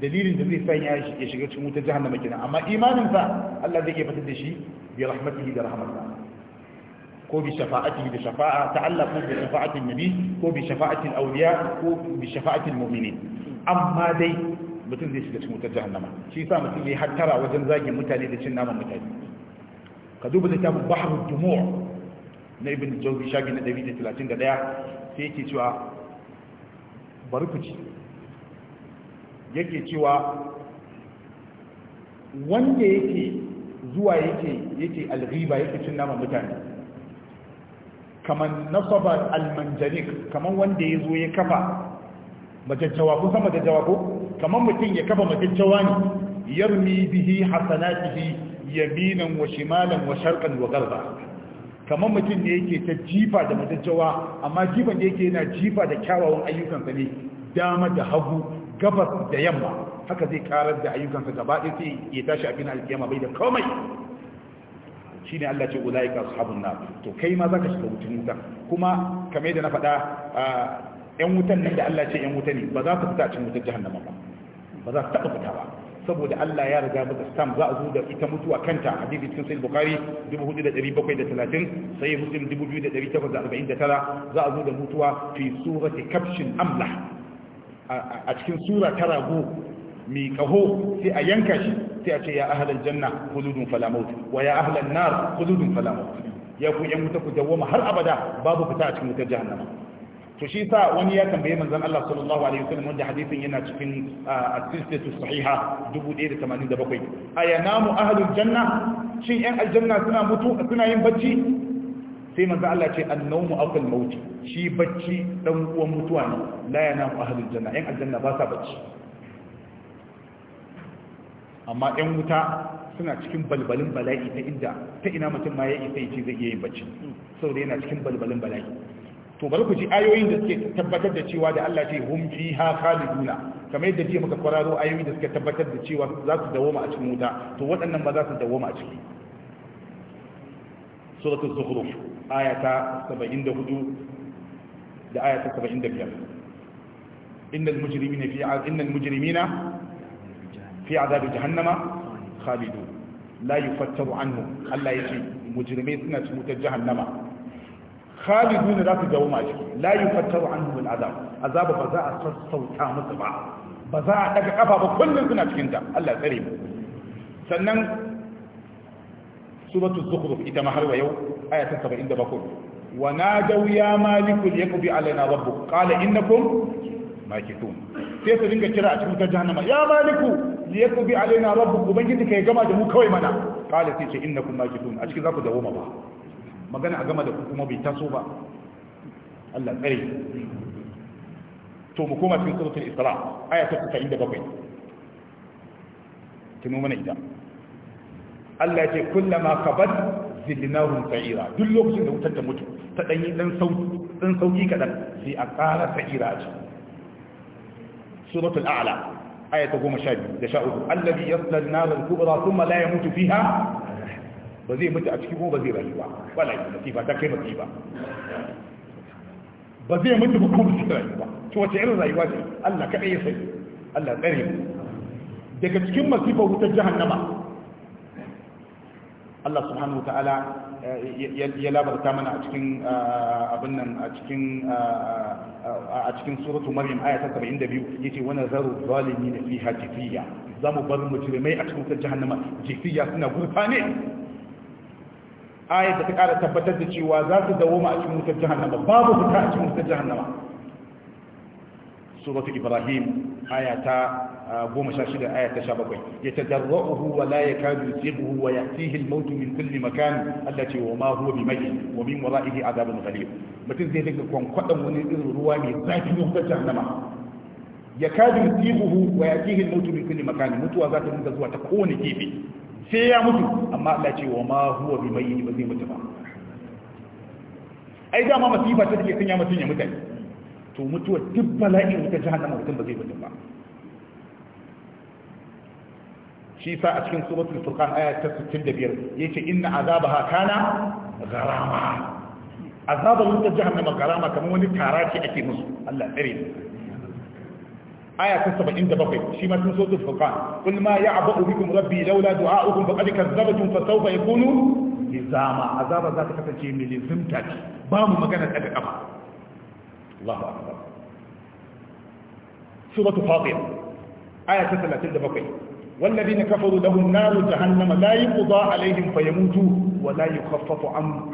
dalilin da zai sanya ya shiga cikin wutar jahannama kenan amma imanin sa Allah zai iya fitar da shi bi rahmatihi da rahmatihi ko bi shafa'ati da shafa'a ta'allaqu bi shafa'ati nabi ko bi shafa'ati awliya ko bi shafa'ati mu'minin amma dai mutum zai shiga cikin wutar jahannama shi yasa mutum zai hattara wajen zagin mutane da cin naman mutane ka duba littafin bahrud dumu' na ibn jawzi shafi na 131 sai yake cewa bari ku ci yake cewa wanda yake zuwa yake yake alghiba yake cin naman mutane kaman nasaba almanjanik kaman wanda ya zo ya kafa majajjawa kun san majajjawa ko kaman mutum ya kafa majajjawa ne yarmi bihi hasanatihi yaminan wa shimalan wa sharqan wa garba kaman mutum ne yake ta jifa da majajjawa amma jifan da yake yana jifa da kyawawan ayyukansa ne dama da hagu gabas da yamma haka zai karar da ayyukansa gaba ɗaya sai ya tashi a bin alkiyama bai da komai shine Allah ce ulaika ashabun nar to kai ma zaka shiga wutan wuta kuma kamar da na faɗa yan wutan nan da Allah ce yan wuta ne ba za ka fita cikin wutar jahannama ba ba za ka taɓa fita ba saboda Allah ya riga mata stamp za a zo da ita mutuwa kanta hadisi cikin sahih bukhari 4730 sahih muslim 2849 za a zo da mutuwa fi surati kafshin amla a cikin sura ta rago Mi kaho sai a yanka shi sai a ce ya ahlal janna hududun falamaut wa ya ahalar nar hududun falamaut ya ku yan wuta ku dawwama har abada babu fita a cikin wutar jahannama to shi sa wani ya tambaye manzon Allah sallallahu alaihi wasallam wanda hadisin yana cikin as-silsilatu sahiha 1087 ayanamu ahlul janna shin yan aljanna suna mutu suna yin bacci sai manzon Allah ce an-nawmu aqal mauti shi bacci dan uwan mutuwa ne la yanamu ahlul janna yan aljanna ba sa bacci amma ɗan wuta suna cikin balbalin bala'i ta inda ta ina mutum ma ya isa ce zai iya yin bacci da yana cikin balbalin bala'i to bari ku ji ayoyin da suke tabbatar da cewa da Allah ce hum fiha khaliduna kamar yadda jiya muka kwararo ayoyin da suke tabbatar da cewa za su dawoma a cikin wuta to waɗannan ba za su dawoma a ciki suratu zuhruf aya ta 74 da aya ta 75 innal mujrimina fi innal mujrimina fi azabi jahannama khalidu la yufattaru anhu Allah yake mujrimai suna cikin wutar jahannama khalidun za su dawoma ciki la yufattaru anhu bil azab azaba ba za a sassauta musu ba ba za a daga kafa ba kullun suna cikin ta Allah tsare mu sannan suratul zukhruf ita ma har yau aya ya sai su dinga kira a cikin jahannama ya maliku li yaqdi alaina rabbuk ubangiji kai gama da mu kawai mana qala sai ce innakum majidun a cikin zaku dawo ma ba magana a gama da ku kuma bai taso ba Allah tsare to mu koma cikin suratul isra aya ta 97 tuno mana ita Allah ce kullama kabat zidnahum sa'ira duk lokacin da wutar da mutu ta danyi dan sauki dan sauki kadan sai a ƙara sa'ira ce suratul a'la ayata goma sha biyu da sha uku allazi yasla an-nar al-kubra thumma la yamutu fiha ba zai mutu a cikin kuma ba zai rayu ba wala yi ta kai masifa ba zai mutu ba kuma zai rayu ba to wace irin rayuwa Allah kaɗai ya sani Allah tsare daga cikin masifar wutar jahannama Allah subhanahu wa ta'ala ya labarta mana a cikin abin nan a cikin a cikin suratu maryam aya ta 72 yace wa nazaru zalimin fiha jifiya zamu bar mujrimai a cikin jahannama jifiya suna gurfane ayat da ta kara tabbatar da cewa za su dawoma a cikin wutar jahannama babu fita a cikin wutar jahannama suratu ibrahim aya ta goma sha shida aya ta sha bakwai ya tadarra'uhu wa la yakadu yusighuhu wa ya'tihi al-maut min kulli makan ce wa ma huwa bi mai wa min wara'ihi adabun ghalib mutum zai dinga kwankwadan wani irin ruwa mai zafi ruwan jahannama ya kadu yusighuhu wa ya'tihi al-maut min kulli makan mutuwa za ta dinga zuwa ta kowane gefe sai ya mutu amma Allah ce wa ma huwa bi bimaji ba zai mutu ba ai dama masifa ta take sanya mutum ya mutane to mutuwa duk bala'in ta jahannama mutum ba zai mutu ba shi sa a cikin suratul furqan aya ta 65 yace inna azabaha kana gharama azabar wutar jahannama garama kaman wani tara ce ake musu Allah tsare aya ta 77 shi ma sun so su fuka kul ma ya'budu bikum rabbi laula du'a'ukum faqad kazzabtum fa sawfa yakunu lizama azaba za ta kasance mai lizimta ce ba mu magana daga kafa Allahu akbar suratu fatir aya ta 37 والذين كفروا لهم نار جهنم لا يقضى عليهم فيموتوا ولا يخفف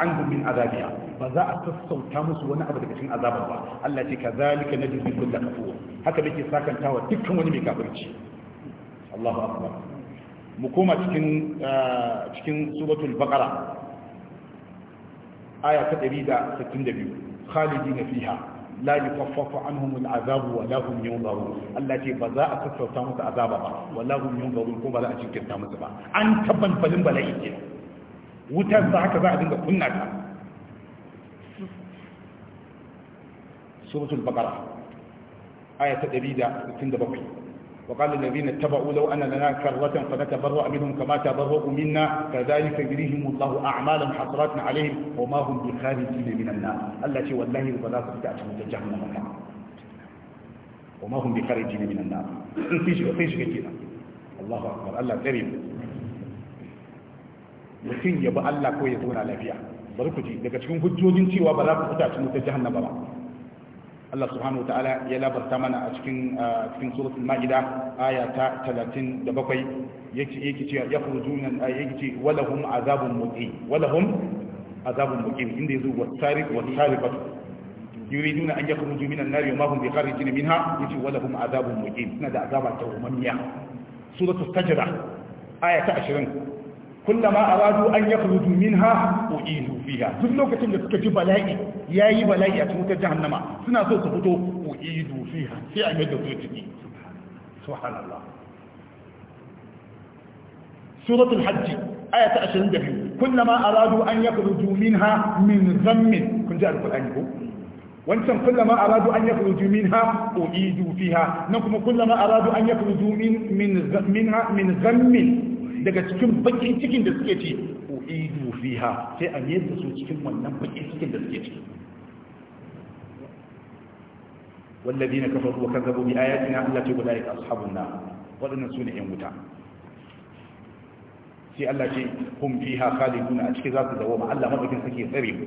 عنهم من عذابها فذا أتصو تامس وانا أبدا كتن عذاب الله التي كذلك نجزي كل كفور حتى بيكي ساكن تاوى تكا ونمي كافرش الله أكبر مكومة تكن تكن سورة البقرة آية تقريبا 62 خالدين فيها la yukaffafu anhum al'azab wa la hum yunzarun Allah ce ba za a sassauta musu azaba ba wa la hum yunzarun ko ba za a cikinta musu ba an tabban falin bala'i ke wutar sa haka za a dinga kunna ta suratul baqara aya ta 167 وقال الذين اتبعوا لو أن لنا كرة فنتبرأ منهم كما تبرأوا منا كذلك يريهم الله أعمالا حسرات عليهم وما هم بخارجين من النار التي والله البلاغة تأتي جهنم وما هم بخارجين من النار فيش فيش كثيرا الله أكبر الله كريم mutum ya bi Allah ko ya zauna lafiya bari ku ji daga cikin hujjojin cewa ba za ku fita cikin wutar jahannama ba Allah subhanahu wa ta'ala ya labarta mana a cikin cikin suratul ma'ida aya ta 37 yake yake cewa yakhrujuna yake ce walahum azabun muqim walahum azabun muqim inda yazo wasariq wasarifatu yuriduna an yakhruju minan nar wa ma hum bikharijin minha yace walahum azabun muqim suna da azaba ta ummiya suratul sajda aya ta 20 كلما أرادوا أن يخرجوا منها أعيدوا فيها كل وقت اللي سكتوا بلائي ياي بلائي أتموت جهنم سنة سبطوا أعيدوا فيها في عمد الرجلي سبحان الله سورة الحج آية أشرين دبيو كلما أرادوا أن يخرجوا منها من غم كن جاءوا القرآن يقول وانتم كلما أرادوا أن يخرجوا منها أعيدوا فيها نقم كلما أرادوا أن يخرجوا من منها من غم daga cikin bakin cikin da suke ci uidu fiha sai a mayar da su cikin wannan bakin cikin da suke ci na والذين كفروا وكذبوا بآياتنا التي أولئك أصحاب النار waɗannan su ne ‘yan wuta sai Allah ce kun fi ha khaliduna a cikin za su zawo ma Allah maɗaukin suke tsare mu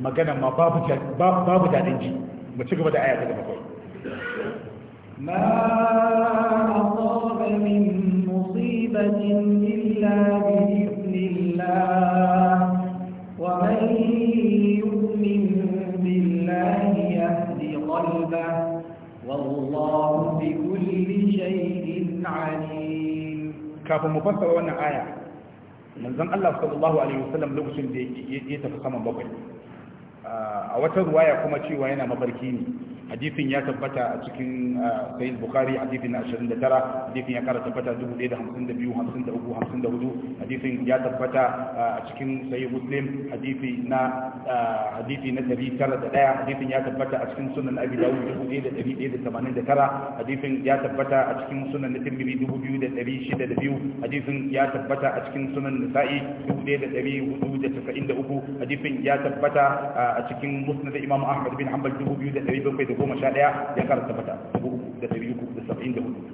magana ma babu daɗin ji mu ci gaba da aya da bakwai. kawai ma asaba min مصيبة إلا بإذن الله ومن يؤمن بالله يهد قلبه والله بكل شيء عليم mu fassara wannan aya manzon Allah sallallahu lokacin da ya tafi saman bakwai a wata ruwaya kuma cewa yana mafarki ne hadisin ya tabbata a cikin ah, sahih bukhari hadisin na 29 hadisin ya kara tabbata 1052 53 54 hadisin ya tabbata ah, a cikin sahih muslim hadisi na ah, hadisi na 901 hadisin ya tabbata a cikin sunan abi dawud 1189 hadisin ya tabbata a cikin sunan tirmidhi 2602 hadisin ya tabbata a cikin sunan nasa'i 1493 hadisin ya tabbata a cikin musnad imam ahmad bin hanbal 2700 da goma sha ɗaya ya ƙara tabbata dubu uku da ɗari uku da saba'in da hudu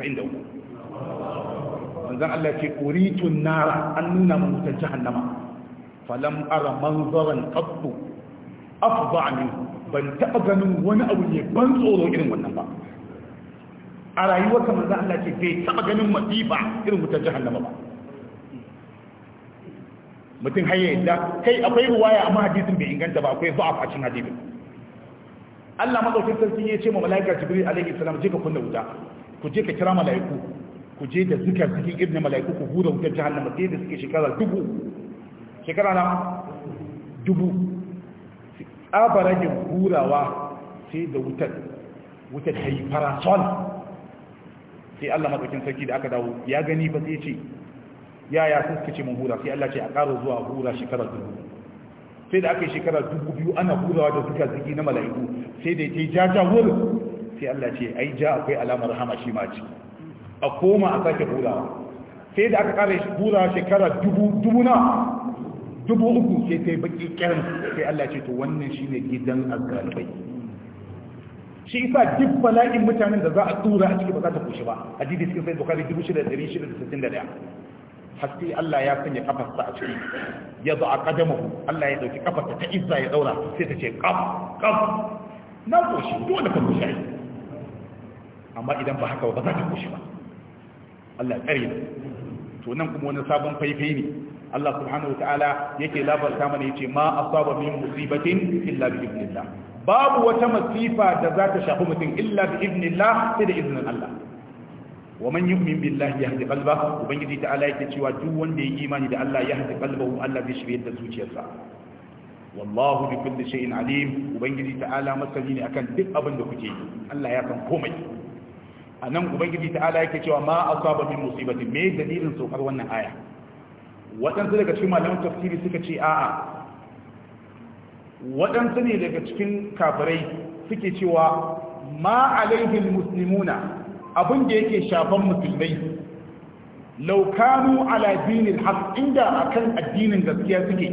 93 manzan Allah ce uritun nara an nuna mun wutar jahannama falam ara manzaran ba a min ban taɓa ganin wani abu ne ban tsoro irin wannan ba a rayuwarsa manzan Allah ce bai taɓa ganin masifa irin wutar jahannama ba mutum har yadda kai akwai ruwaya amma hadisin bai inganta ba akwai zuwa fashin hadisin Allah madaukakin sarki ya ce ma malaika Jibril alaihi salam je ka kunna wuta ku je ka kira mala'iku ku je da zikar cikin ibn mala'iku ku hura wutar jahannama sai da suke shekara dubu shekara na dubu tsabaragin hurawa sai da wutar wutar ta yi farasol sai Allah maɗaukin sarki da aka dawo ya gani ba sai ce yaya ya suka ce mun hura sai Allah ce a ƙara zuwa hura shekara dubu sai da aka yi shekara dubu biyu ana hurawa da suka zigi na mala'iku sai da ya ce jaja wurin sai Allah ce ai ja akwai alamar rahama shi ma ce. a koma a sake hurawa sai da aka kare hurawa shekara dubu dubu na dubu uku sai ta yi baki kiran sai Allah ce to wannan ne gidan azzalibai shi isa duk bala'in mutanen da za a tura a cikin ba za ta kushe ba A hadisi cikin sai bukari daya. haske Allah ya sanya kafarsa a ciki ya zo a kadamahu Allah ya dauki kafarta ta izza ya daura sai ta ce kaf kaf na koshi dole ka yi. amma idan ba haka ba za ta kushi ba Allah ya kare to nan kuma wani sabon faifai ne Allah subhanahu wataala yake labarta mana yace ma asaba min musibatin illa bi idnillah babu wata masifa da za ta shafi mutum illa bi idnillah sai da iznin Allah wa man yu'min billahi yahdi qalbahu ubangiji ta'ala yake cewa duk wanda ya imani da Allah yahdi qalbahu Allah zai shirye da zuciyarsa wallahu bi kulli shay'in alim ubangiji ta'ala masani ne akan duk abin da kuke yi Allah ya san komai a nan ubangiji ta'ala yake cewa ma asaba min musibatin mai dalilin saukar wannan aya waɗansu daga cikin malaman tafsiri suka ce a'a waɗansu ne daga cikin kafirai suke cewa ma alaihin abunda abin da yake shafan musulmai laukanu ala dinin haq inda akan addinin gaskiya suke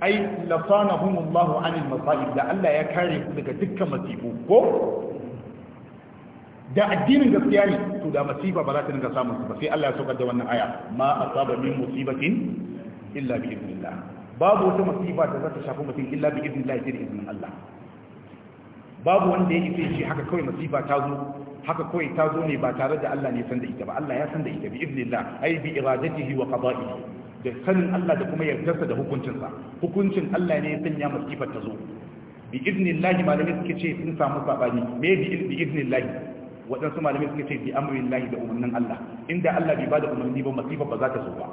ai lafanahumullahu anil masa'ib da Allah ya kare su daga dukkan masifu ko da addinin gaskiya ne to da masifa ba za ta dinga samun su ba sai Allah ya saukar da wannan aya ma asaba min musibatin illa bi idnillah babu wata masifa da za ta shafi mutum illa bi idnillah sai da idnin Allah babu wanda ya ife shi haka kawai masifa ta zo haka kawai ta zo ne ba tare da Allah ne san da ita ba Allah ya san da ita bi idnillah ai bi iradatihi wa qada'ihi da sanin Allah da kuma yardarsa da hukuncinsa hukuncin Allah ne ya sanya masifar ta zo bi idnillahi malamai suke ce sun samu sabani me bi idnillahi waɗansu malamai suka ce bi amrin lahi da umarnin Allah inda Allah bai bada umarni ba masifa ba za ta zo ba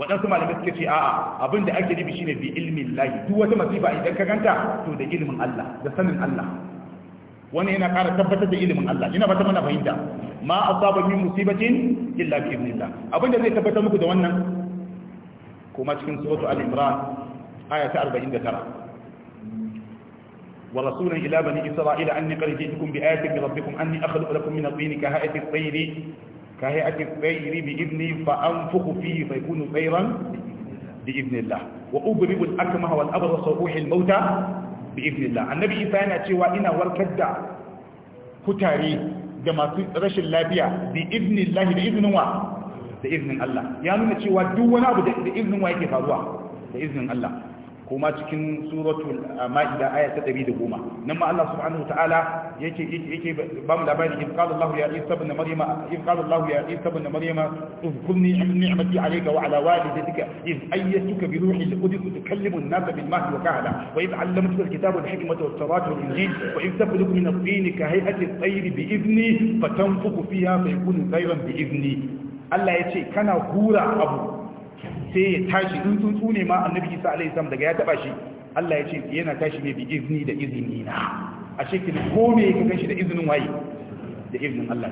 waɗansu malamai suka ce a'a abin da ake nufi shine bi ilmin lahi duk wata masifa idan ka ganta to da ilimin Allah da sanin Allah Wani yana ƙara tabbatar da ilimin Allah ina fata mana fahimta ma asaba min musibatin illa bi idnillah abin da zai tabbatar muku da wannan kuma cikin suratu al-imran aya ta 49 ورسولا إلى بني إسرائيل أني قد جئتكم بآية من ربكم أني أخلق لكم من الطين كهيئة الطير كهيئة الطير بإذني فأنفخ فيه فيكون طيرا بإذن الله وأبرئ الأكمه والأبرص وأوحي الموتى بإذن الله النبي إيسا yana cewa ina warkar da kutare da masu rashin lafiya bi iznillahi da iznin wa da iznin Allah ya nuna cewa duk wani abu da iznin wa yake faruwa da iznin Allah kuma cikin suratul ah, ma'ida aya ta 110 nan ma Allah subhanahu ta'ala yake yake ba mu labari in qala Allah ya Isa ibn Maryama in qala Allah ya Isa ibn Maryama uzkurni ni'mati alayka wa ala walidatika iz ayyatuka bi ruhi al-qudus tukallimu an-nasa bil mahdi wa kahala wa iz 'allamtuka al-kitaba wal hikmata wat tawrata wal injil wa iz takhluqu min at-tini ka hay'ati at-tayr bi idhni fatanfuku fiha fayakunu tayran bi idhni Allah yace kana hura abu sai ya tashi in sun ne ma annabi isa alaihi salam daga ya taba shi Allah ya ce yana tashi ne bi izini da izini na a shekin ko me ka ganshi da izinin waye da izinin Allah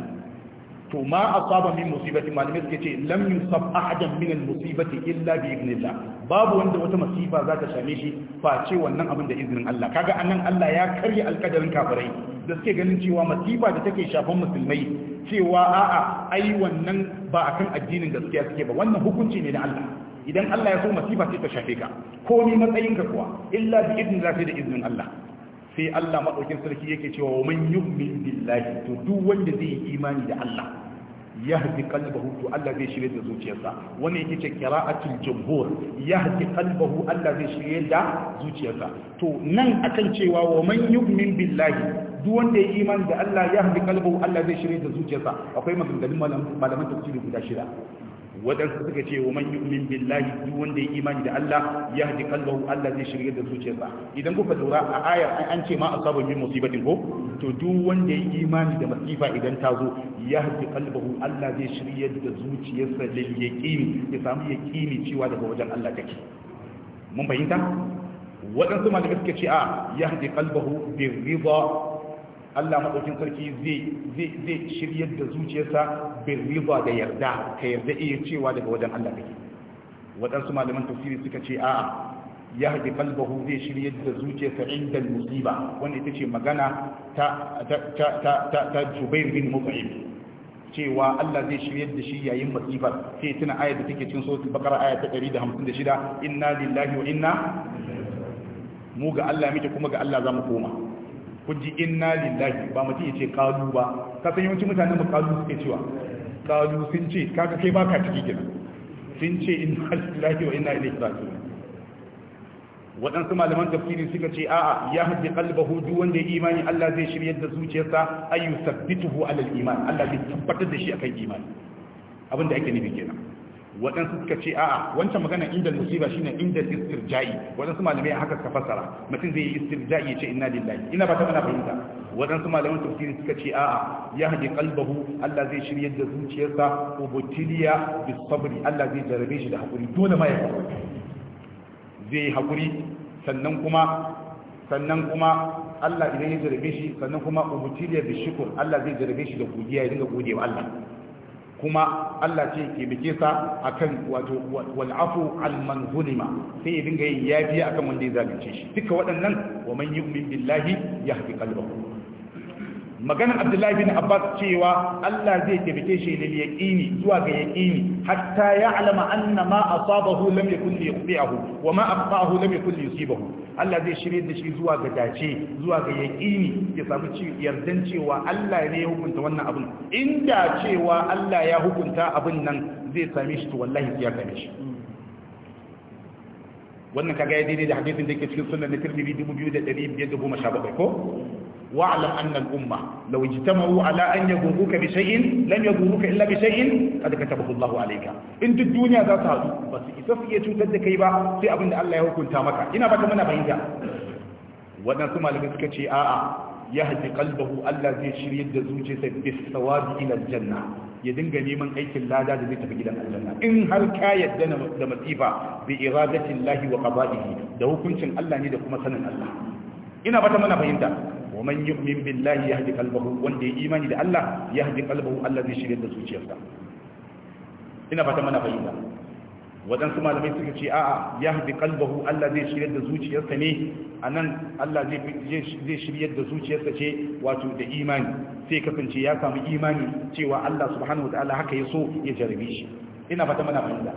to ma asaba min musibati malamai suke ce lam yusab ahadan min al musibati illa bi iznillah babu wanda wata masifa za ta same shi face wannan abin da izinin Allah kaga anan Allah ya karya alkadarin kafirai da suke ganin cewa masifa da take shafan musulmai cewa a'a ai wannan ba akan addinin gaskiya suke ba wannan hukunci ne na Allah idan Allah ya so masifa sai ta shafe ka ko ni matsayinka kuwa illa bi idin za da izinin Allah sai Allah madaukin sarki yake cewa wa man yu'min billahi to duk wanda zai yi imani da Allah yahdi qalbahu to Allah zai shirye da zuciyarsa wannan yake ce qira'atul jumhur yahdi qalbahu Allah zai shirye da zuciyarsa to nan akan cewa wa man yu'min billahi duk wanda ya iman da Allah ya hadi kalbu Allah zai shirye da zuciyarsa akwai maganganun malaman tafsiri guda shida waɗansu suka ce wa man yu'min billahi duk wanda ya imani da Allah ya hadi qalbahu Allah zai shirya da zuciyarsa idan kuka lura a ayar an ce ma asaba min musibatin ko to duk wanda ya imani da masifa idan ta zo ya hadi qalbahu Allah zai shirya da zuciyarsa lil yaqin ya samu yaqini cewa daga wajen Allah take mun fahimta waɗansu malamai suka ce a ya hadi qalbahu bi ridha Allah maɗaukin sarki zai shiryar da zuciyarsa bin da yarda ka yarda iya cewa daga wajen Allah kake waɗansu malaman tafsiri suka ce a'a ya haɗe kalbahu zai shiryar da zuciyarsa inda musiba wanda ita ce magana ta jubair bin mut'im cewa Allah zai shiryar da shi yayin musibar sai tuna ayar da take cin suratul bakar aya ta 156 inna lillahi wa inna mu ga Allah muke kuma ga Allah za mu koma kun ji inna lillahi ba mutum ya ce kalu ba ka san yawancin mutanen mu kalu suke cewa kalu sun ce kaga kai baka ciki kenan sun ce inna lillahi wa inna ilaihi raji'un waɗansu malaman tafsiri suka ce a'a ya haddi qalbahu duk wanda ya imani Allah zai shiryar da zuciyarsa ayu sabbituhu alal iman Allah zai tabbatar da shi akan imani abin da ake nufi kenan waɗansu suka ce a'a wancan magana inda musiba shine inda istirja'i waɗansu malamai a haka suka fassara mutum zai yi istirja'i ya ce inna lillahi ina ba ta mana fahimta waɗansu malaman tafsiri suka ce a'a ya haɗe kalbahu Allah zai shirya da zuciyarsa ubutiliya bis sabri Allah zai jarabe shi da hakuri dole ma ya hakuri zai hakuri sannan kuma sannan kuma Allah idan ya jarabe shi sannan kuma ubutiliya bis shukr Allah zai jarabe shi da godiya ya dinga godewa Allah kuma Allah ce ke bike sa akan wato wal'afu alman zulima sai ya dinga yin yafiya akan wanda ya zalunce shi duka waɗannan wa man yu'min billahi yahdi qalbahu maganar abdullahi bin abbas cewa allah zai taimake shi da yaqini zuwa ga yaqini hatta alama anna ma asabahu lam yakun li yuqbi'ahu wa ma akhtahu lam yakun li yusibahu allah zai shirye da shi zuwa ga dace zuwa ga yaqini ya samu ci yardan cewa allah ne ya hukunta wannan abun inda cewa allah ya hukunta abun nan zai same shi to wallahi ya same shi wannan kaga ya daidai da hadisin da yake cikin sunan na tirmidhi 2517 ko واعلم ان الامه لو اجتمعوا على ان يغروك بشيء لن يغروك الا بشيء قد كتبه الله عليك انت الدنيا ذاتها بس يسفيه تشوتر da kai ba sai abin da Allah ya hukunta maka ina baka muna bayyana wannan kuma malamin suka ce a a yahdi qalbuhu Allah zai shiryar da zuciyarsa bis sawabi ila ya dinga neman aikin lada da zai tafi gidan aljanna in har ka yadda da masifa bi iradatin Allah wa qada'ihi da hukuncin Allah ne da kuma sanin Allah ina bata mana fahimta wa man yu'min billahi yahdi qalbahu wanda ya imani da Allah yahdi qalbahu Allah zai shirye da zuciyarsa ina fata mana fahimta waɗansu malamai suka ce a'a ya haɗi kalbahu Allah zai shiryar da zuciyarsa ne a nan Allah zai shiryar da zuciyarsa ce wato da imani sai kasance ya samu imani cewa Allah subhanahu wa ta'ala haka ya so ya jarabe shi ina fata mana fahimta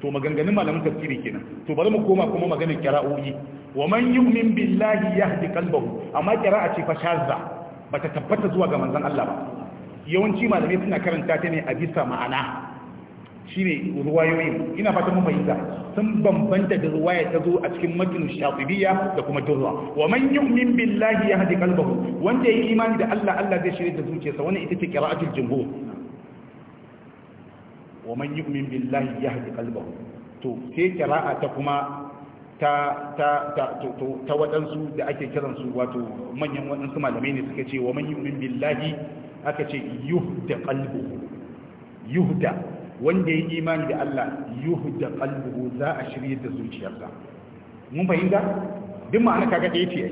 to maganganun malamin tafsiri kenan to bari mu koma kuma maganar kira'o'i wa man yu'min billahi yahdi qalbahu amma kira'a ce fa shazza bata tabbata zuwa ga manzon Allah ba yawanci malamai suna karanta ta ne a bisa ma'ana shine ruwayoyin ina fata mun bayyana sun bambanta da ruwaya ta zo a cikin matn shafi'iyya da kuma durra wa man yu'min billahi yahdi qalbahu wanda yayi imani da Allah Allah zai shirye da zuciyarsa wannan ita ce qira'atul jumhur wa man yu'min billahi yahdi qalbahu to sai qira'a ta kuma ta ta da ake kiran su wato manyan wadansu malamai ne suka ce wa man yu'min billahi aka ce wanda ya imani da Allah da qalbuhu za a shirye da zuciyarsa mun fahimta duk ma'ana kaga ɗaya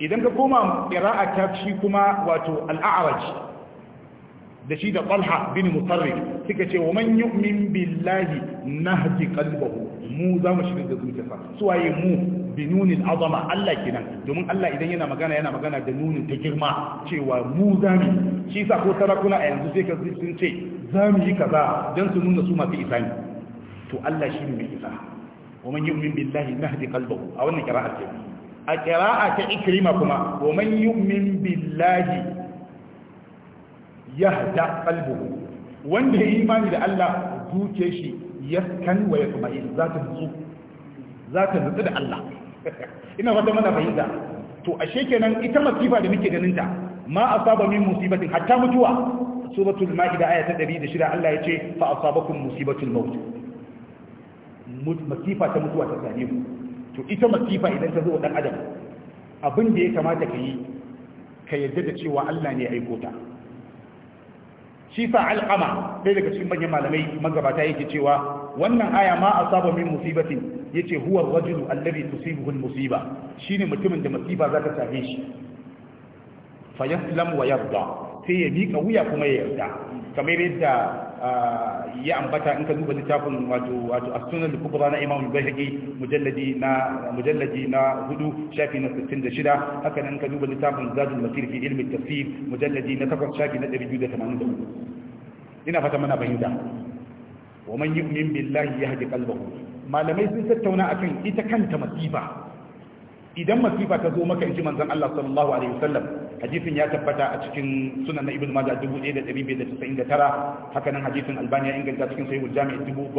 idan ka koma qira'a ta kuma wato al-a'raj da shi da talha bin mutarrif suka ce wa man yu'min billahi nahdi qalbahu mu za mu shirin da zuciyarsa suwaye mu bi nunin azama Allah kenan domin Allah idan yana magana yana magana da nunin ta girma cewa mu za mu shi sa ko sarakuna a yanzu sai ka sun ce za mu yi kaza don su nuna su masu isa ne to Allah shi ne mai isa wa man yu'min billahi nahdi qalbahu a wannan qira'a ce a qira'a ta ikrima kuma wa man yu'min billahi yahda qalbuhu wanda ya yi imani da Allah zuciyar shi yaskan wa yatma'in za ta nutsu za ta nutsu da Allah ina fata mana fahimta to ashe kenan ita masifa da muke ganin ta ma saba min musibatin hatta mutuwa suratul maida aya ta da shida, Allah ya ce fa asabakum musibatul maut masifa ta mutuwa ta same mu, to ita masifa idan ta zo wa dan adam abin da ya kamata ka yi ka yarda da cewa Allah ne ya aiko ta shi sa alqama dai daga cikin manyan malamai magabata yake cewa wannan aya ma asaba min musibatin yace huwa ar-rajulu alladhi tusibuhu al-musiba shine mutumin da musiba za ta same shi fa yaslam wa yarda sai ya mika wuya kuma ya yarda kamar yadda ya ambata in ka duba littafin wato wato as-sunan al-kubra na Imam al-Baihaqi mujalladi na mujalladi na hudu shafi na 66 haka nan ka duba littafin Zadul Masir fi ilmi at-tafsir mujalladi na 8 shafi na 283 ina fata mana fahimta wa man yu'min billahi yahdi qalbahu malamai sun tattauna akan ita kanta masifa idan masifa ta zo maka in ji manzon Allah sallallahu alaihi wasallam hadisin ya tabbata a cikin sunan na ibn majah 1599 haka nan hadisin albani ya inganta cikin sahihul jami' 7879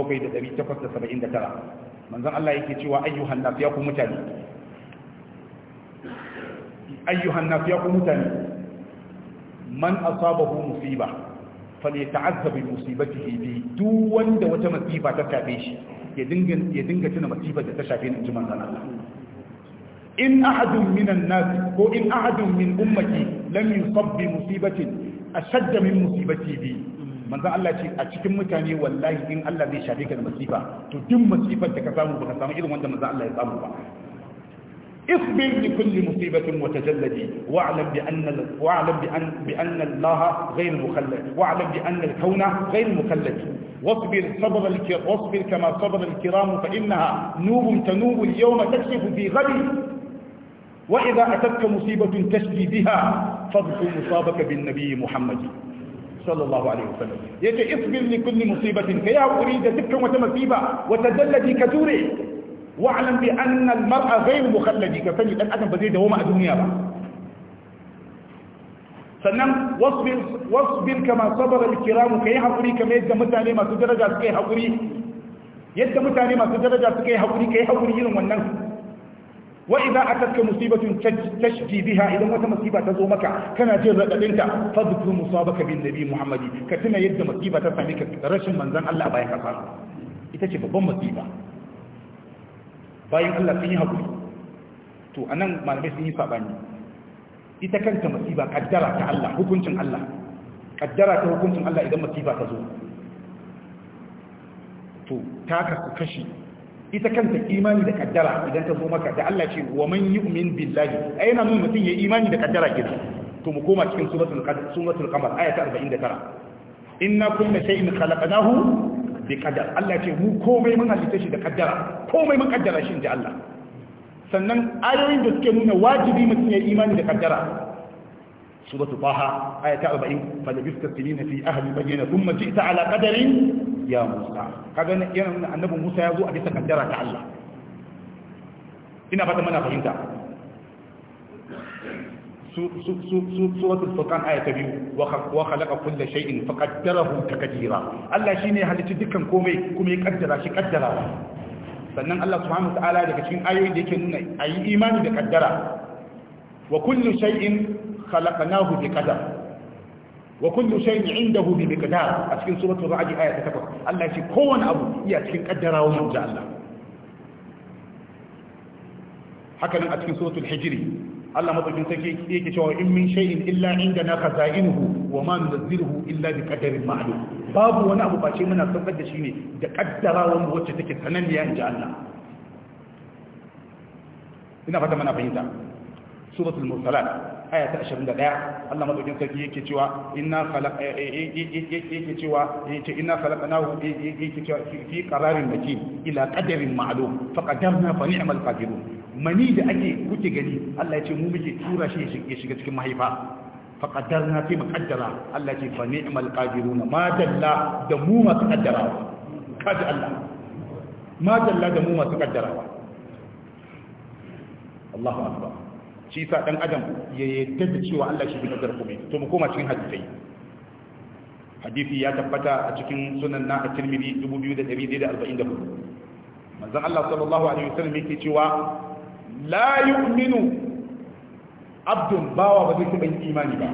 manzon Allah yake cewa ayyuhan nas ya ku mutane ayyuhan nas ya ku mutane man asabahu musiba falyata'azzab bi musibatihi bi duk wanda wata masifa ta shafe shi ya dinga ya dinga tuna masifar da ta shafe ni in ji manzon Allah إن أحد من الناس أو إن أحد من أمتي لم يصب بمصيبة أشد من مصيبتي بي من ذا الله أشكم مكاني والله إن الله ذي شريك المصيبة تتم مصيبة كسامه بكسامه إذا وانت من ذا الله يصابه اصبر لكل مصيبة وتجلدي واعلم بأن واعلم بأن... بأن الله غير مخلد واعلم بأن الكون غير مخلد واصبر صبر واصبر كما صبر الكرام فإنها نور تنوب اليوم تكشف في غد وإذا أتتك مصيبة تشفي بها فاذكر مصابك بالنبي محمد صلى الله عليه وسلم يجي اصبر لكل مصيبة فيا أريد تبكى وتمصيبة وتدلدي كتوري واعلم بأن المرأة غير مخلد كفني أن أدم بزيد وما الدنيا بقى sannan wasbir kama صبر الكرام ka yi haƙuri kama yadda mutane masu daraja suka yi haƙuri yadda mutane masu daraja suka yi haƙuri ka irin wannan wa idza atatka musibatun tashji biha idan wata musiba ta zo maka kana jin radadin ta fadhkur musabaka bin nabi muhammadi ka tuna yadda musiba ta same ka rashin manzon Allah bayan ka ita ce babban musiba bayan Allah sun yi hakuri to anan malamai sun yi sabani ita kanta musiba kaddara ta Allah hukuncin Allah kaddara ta hukuncin Allah idan musiba ta zo to ta kasu kashi ita kanta imani da kaddara idan ta zo maka da Allah ce wa man yu'min billahi ai yana nuna mutum ya imani da kaddara kenan to mu koma cikin suratul qadar suratul qamar aya ta 49 inna kullu shay'in khalaqnahu bi qadar Allah ce mu komai mun halitta shi da kaddara komai mun kaddara shi inda Allah sannan ayoyin da suke nuna wajibi mutum ya imani da kaddara suratul taha aya ta 40 fa labistu sinina fi ahli bayyana thumma ji'ta ala qadarin ya musa kaga yana nuna annabin musa ya zo a bisa kaddara ta Allah ina fata mana fahimta suratul furqan aya ta biyu wa khalaqa kulla shay'in faqaddarahu taqdira Allah shine halitta dukkan komai kuma ya kaddara shi kaddarawa sannan Allah subhanahu wataala daga cikin ayoyin da yake nuna ayi imani da kaddara wa kullu shay'in khalaqnahu bi qadar وكل شيء عنده بمقدار أسكن سورة الرعد آية تتفق الله يسي كون أبو يأتكن قدر ومجزاء الله حكى لن أتكن سورة الحجري الله مضيك نسكي إيكي شواء إن من شيء إلا عندنا خزائنه وما نزله إلا بقدر معلوم باب ونأبو باشي منا سفد شيني دقدر ومجزاء تكت فنن ينجاء الله إنا فتمنا فهيدا سورة المرسلات آية أشهر من ذلك Allah madaukin sarki yake cewa inna khalaq eh, eh, eh, yake cewa yace inna khalaqnahu yake cewa fi qararin baki ila qadarin ma'lum fa fa ni'mal qadirun mani da ake kuke gani Allah ya ce mu muke tura shi ya shiga cikin mahaifa فقدرنا في مقدرة التي فنعم القادرون ما دل دمو مقدرة قد الله ما دل دمو مقدرة الله أكبر shi sa dan adam ya yadda da cewa Allah shi bi nazar kuma to mu koma cikin hadisai hadisi ya tabbata a cikin sunan na at-Tirmidhi 2144 manzon Allah sallallahu alaihi wasallam yake cewa la yu'minu abdun bawa ba zai taɓa imani ba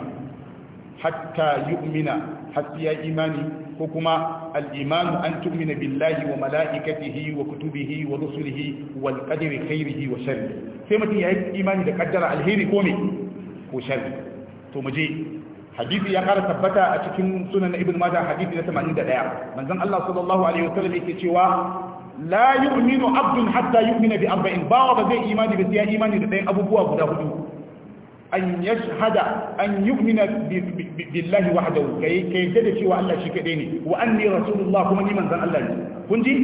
hatta yu'mina har ya imani ko kuma al-iman an tu'mina billahi wa mala'ikatihi wa kutubihi wa rusulihi wa qadri khairihi wa shari sai mutum yayi imani da kaddara alheri ko me ko shari to mu je hadisi ya kara tabbata a cikin sunan ibn majah hadisi na tamanin da 81 manzan Allah sallallahu alaihi wasallam yake cewa la yu'minu abdun hatta yu'mina bi arba'in ba wa zai imani ba sai ya imani da ɗayan abubuwa guda hudu an yashhada an yu'mina billahi wahdahu kai kai da cewa Allah shi kadai ne wa anni rasulullah kuma ni manzon Allah ne kun ji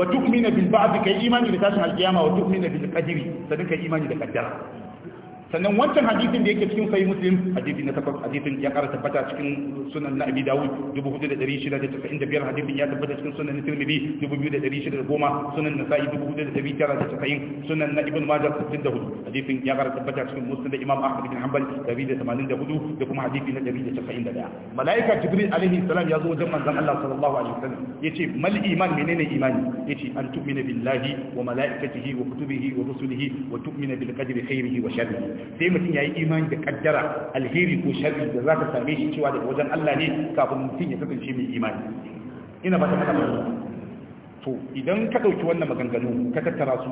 wa tu'mina bil ba'd kai imani da tashin alkiyama wa tu'mina bil qadri ka kai imani da kaddara sannan wancan hadisin da yake cikin sahih muslim hadisi na takwas hadisin ya tabbata cikin sunan na abi dawud 4695 hadisin ya tabbata cikin sunan na tirmidhi 2610 sunan da 4990 sunan na ibn majah 64 hadisin ya ƙara tabbata cikin musnad imam ahmad bin hanbal 184 da kuma hadisi na 191 malaika jibril alaihi salam ya zo wajen manzon Allah sallallahu alaihi wasallam yace mal iman menene imani yace an tu'mina billahi wa malaikatihi wa kutubihi wa rusulihi wa tu'mina bil qadri khairihi wa sharrihi sai mutum ya yi imani da kaddara alheri ko sharri da za ka same shi cewa daga wajen Allah ne kafin mutum ya kasance mai imani ina ba ta mana ba to idan ka ɗauki wannan maganganu ka tattara su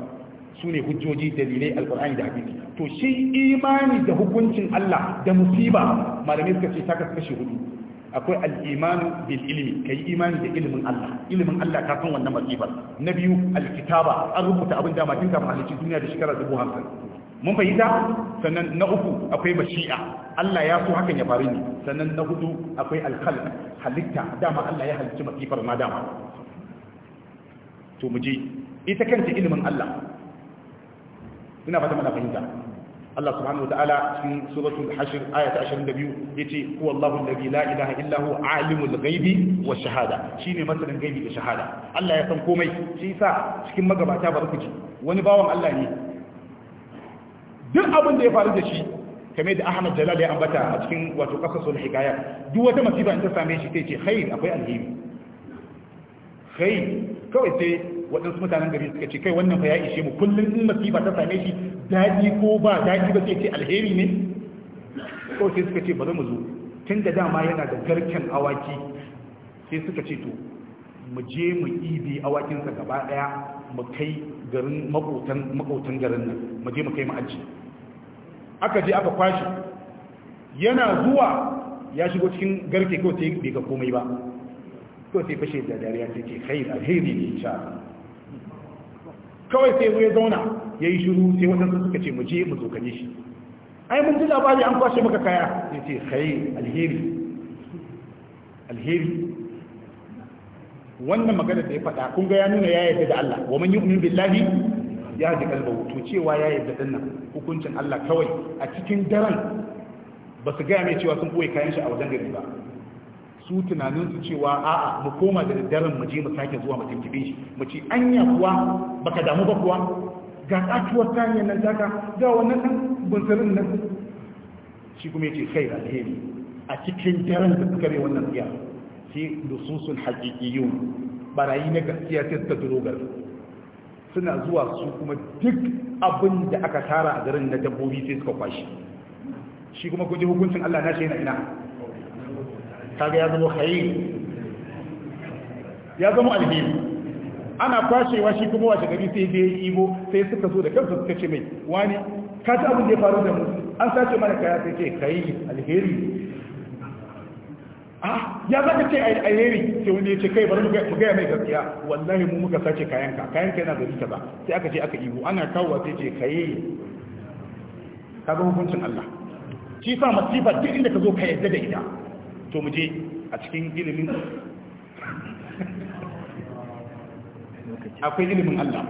su ne hujjoji dalilai alkur'ani da hadisi to shi imani da hukuncin Allah da musiba malamai suka ce ta kashe hudu akwai al'imanu bil ka yi imani da ilimin Allah ilimin Allah ka san wannan masifar na biyu alkitaba an rubuta abin da matin kafin halicci duniya da shekara dubu hamsin mun fahimta sannan na uku akwai bashi'a Allah ya so hakan ya faru ne sannan na hudu akwai alkhalq halitta dama Allah ya halicci masifar ma dama to mu je ita kanta ilimin Allah ina fata mana fahimta Allah subhanahu wataala cikin suratul hashr aya 22 yace huwa Allahu alladhi la ilaha illa huwa alimul ghaibi wash shahada shine masanin ghaibi da shahada Allah ya san komai shi yasa cikin magabata ji, wani bawan Allah ne duk abin da ya faru da shi kame da Ahmad Jalal ya ambata a cikin wato kasasul hikaya duk wata masifa in ta same shi sai ce khair akwai alheri khair kawai sai waɗansu mutanen gari suka ce kai wannan fa ya ishe mu kullum in masifa ta same shi daɗi ko ba daɗi ba sai ce alheri ne kawai sai suka ce za mu zo tun da dama yana da garken awaki sai suka ce to mu je mu ibi awakinsa gaba ɗaya mu kai garin makotan garin nan mu je mu kai ma'aji. aka je aka kwashi yana zuwa ya shigo cikin garke ko sai bai ga komai ba ko sai fashe da dariya sai ce khair alheri ne insha kawai sai ya zauna yayi shiru sai wadansu suka ce mu je mu tsokane shi ai mun ji labari an kwashe maka kaya sai ce khair alheri alheri wannan magana da ya faɗa kun ga ya nuna ya yarda da Allah wa man yu'min billahi ya ji kalbahu to cewa ya yi daɗin nan hukuncin Allah kawai a cikin daren ba su gaya mai cewa sun ɓoye kayan shi a wajen gari ba su tunanin su cewa a'a mu koma da daren mu je mu sake zuwa mu tuntuɓe shi mu ce anya kuwa baka damu ba kuwa ga ta hanyar nan zaka ga wannan nan bunsirin nan shi kuma ya ce kai alheri a cikin daren da suka wannan biya sai lususun haqiqiyun barayi na gaskiya sai suka duro gari suna zuwa su kuma duk abin da aka tara a garin na dabbobi sai suka kwashi shi kuma kuji hukuncin Allah na shi yana ina kaga ya zama khair ya zama alheri ana kwashewa shi kuma washe gari sai dai ibo sai suka so da kansu suka ce mai wani ka ta abin da ya faru da mu an sace mana kaya sai ce kai alheri Ah, ya za ka ce a yeri sai wani ya ce kai bari mu gaya mai gaskiya wallahi mu muka sace kayanka kayanka yana gari kaza sai aka ce aka ihu ana kawo sai ce kaye ka ga hukuncin Allah shi sa masifa duk inda ka zo ka yadda da ita to mu je a cikin ilimin akwai ilimin Allah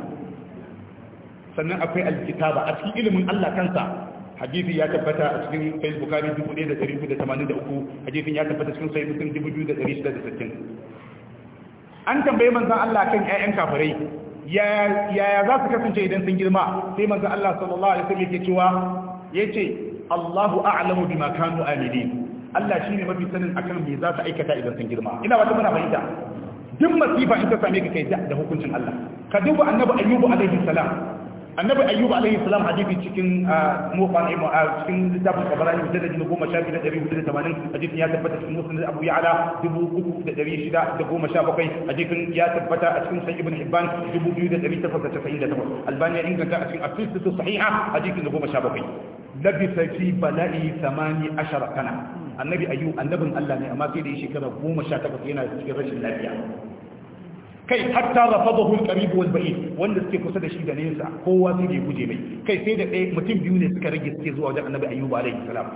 sannan akwai alkitaba a cikin ilimin Allah kansa hadisi ya tabbata a cikin sahih bukhari 1483 hadisin ya tabbata cikin sahih muslim 2660 an tambaye manzon Allah kan ƴaƴan kafirai yaya za su kasance idan sun girma sai manzon Allah sallallahu alaihi wasallam yake cewa yace Allahu a'lamu bima kanu amilin Allah shine mafi sanin akan me za su aikata idan sun girma ina wata muna fahimta duk masifa in ta same ka kai da hukuncin Allah ka duba annabi ayyubu alaihi salam annabi ayyub alaihi salam hadisi cikin ah, mufan ibn cikin littafin tabarani mujallad na goma sha biyu da ɗari hudu da tamanin hadisin ya tabbata cikin musnad abu ya'la dubu uku da ɗari shida da goma sha bakwai hadisin ya tabbata a cikin sahih ibn hibban dubu biyu da ɗari takwas da casa'in da takwas albani ya inganta a cikin asisatu sahiha hadisin da goma sha bakwai labisa fi bala'i samani ashara kana annabi ayyub annabin Allah ne amma sai da shekara goma sha takwas yana cikin rashin lafiya kai hatta rafadahu al-qarib wal ba'id wanda suke kusa da shi da nesa kowa sai ya guje mai kai sai da ɗaya mutum biyu ne suka rage suke zuwa wajen annabi ayyuba alaihi salam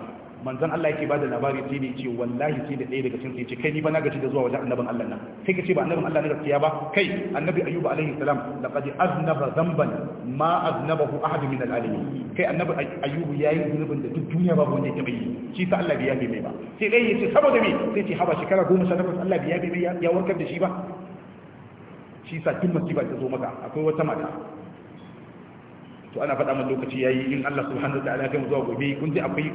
manzon Allah yake bada labari sai ne ce wallahi sai da ɗaya daga cikin sai ce kai ni ba na gaji da zuwa wajen annabin Allah nan sai kace ba annabin Allah ne gaskiya ba kai annabi ayyuba alaihi salam laqad aznaba dhanban ma aznabahu ahad min al-alamin kai annabi ayyubu yayi zunubin da duk duniya babu wanda ya yi shi sa Allah bai yabe mai ba sai dai yace saboda me sai ce haba shekara 18 Allah bai ya warkar da shi ba shi sa tun masifa ta zo maka akwai wata mata to ana faɗa min lokaci yayi in Allah subhanahu wa ta'ala ya mu zuwa gobe kun ji akwai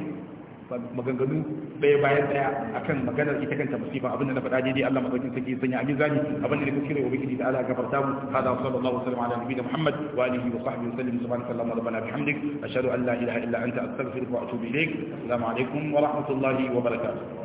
maganganu ɗaya bayan ɗaya akan maganar ita kanta musiba abin da na faɗa daidai Allah madaukin sarki sanya a mizani abin da nake kira wa bikini da Allah gafarta mu hada sallallahu alaihi wa sallam ala nabiyina Muhammad wa alihi wa sahbihi wa sallam subhanaka allahumma rabbana bihamdik ashhadu an la ilaha illa anta astaghfiruka wa atubu ilaik assalamu alaikum wa rahmatullahi wa barakatuh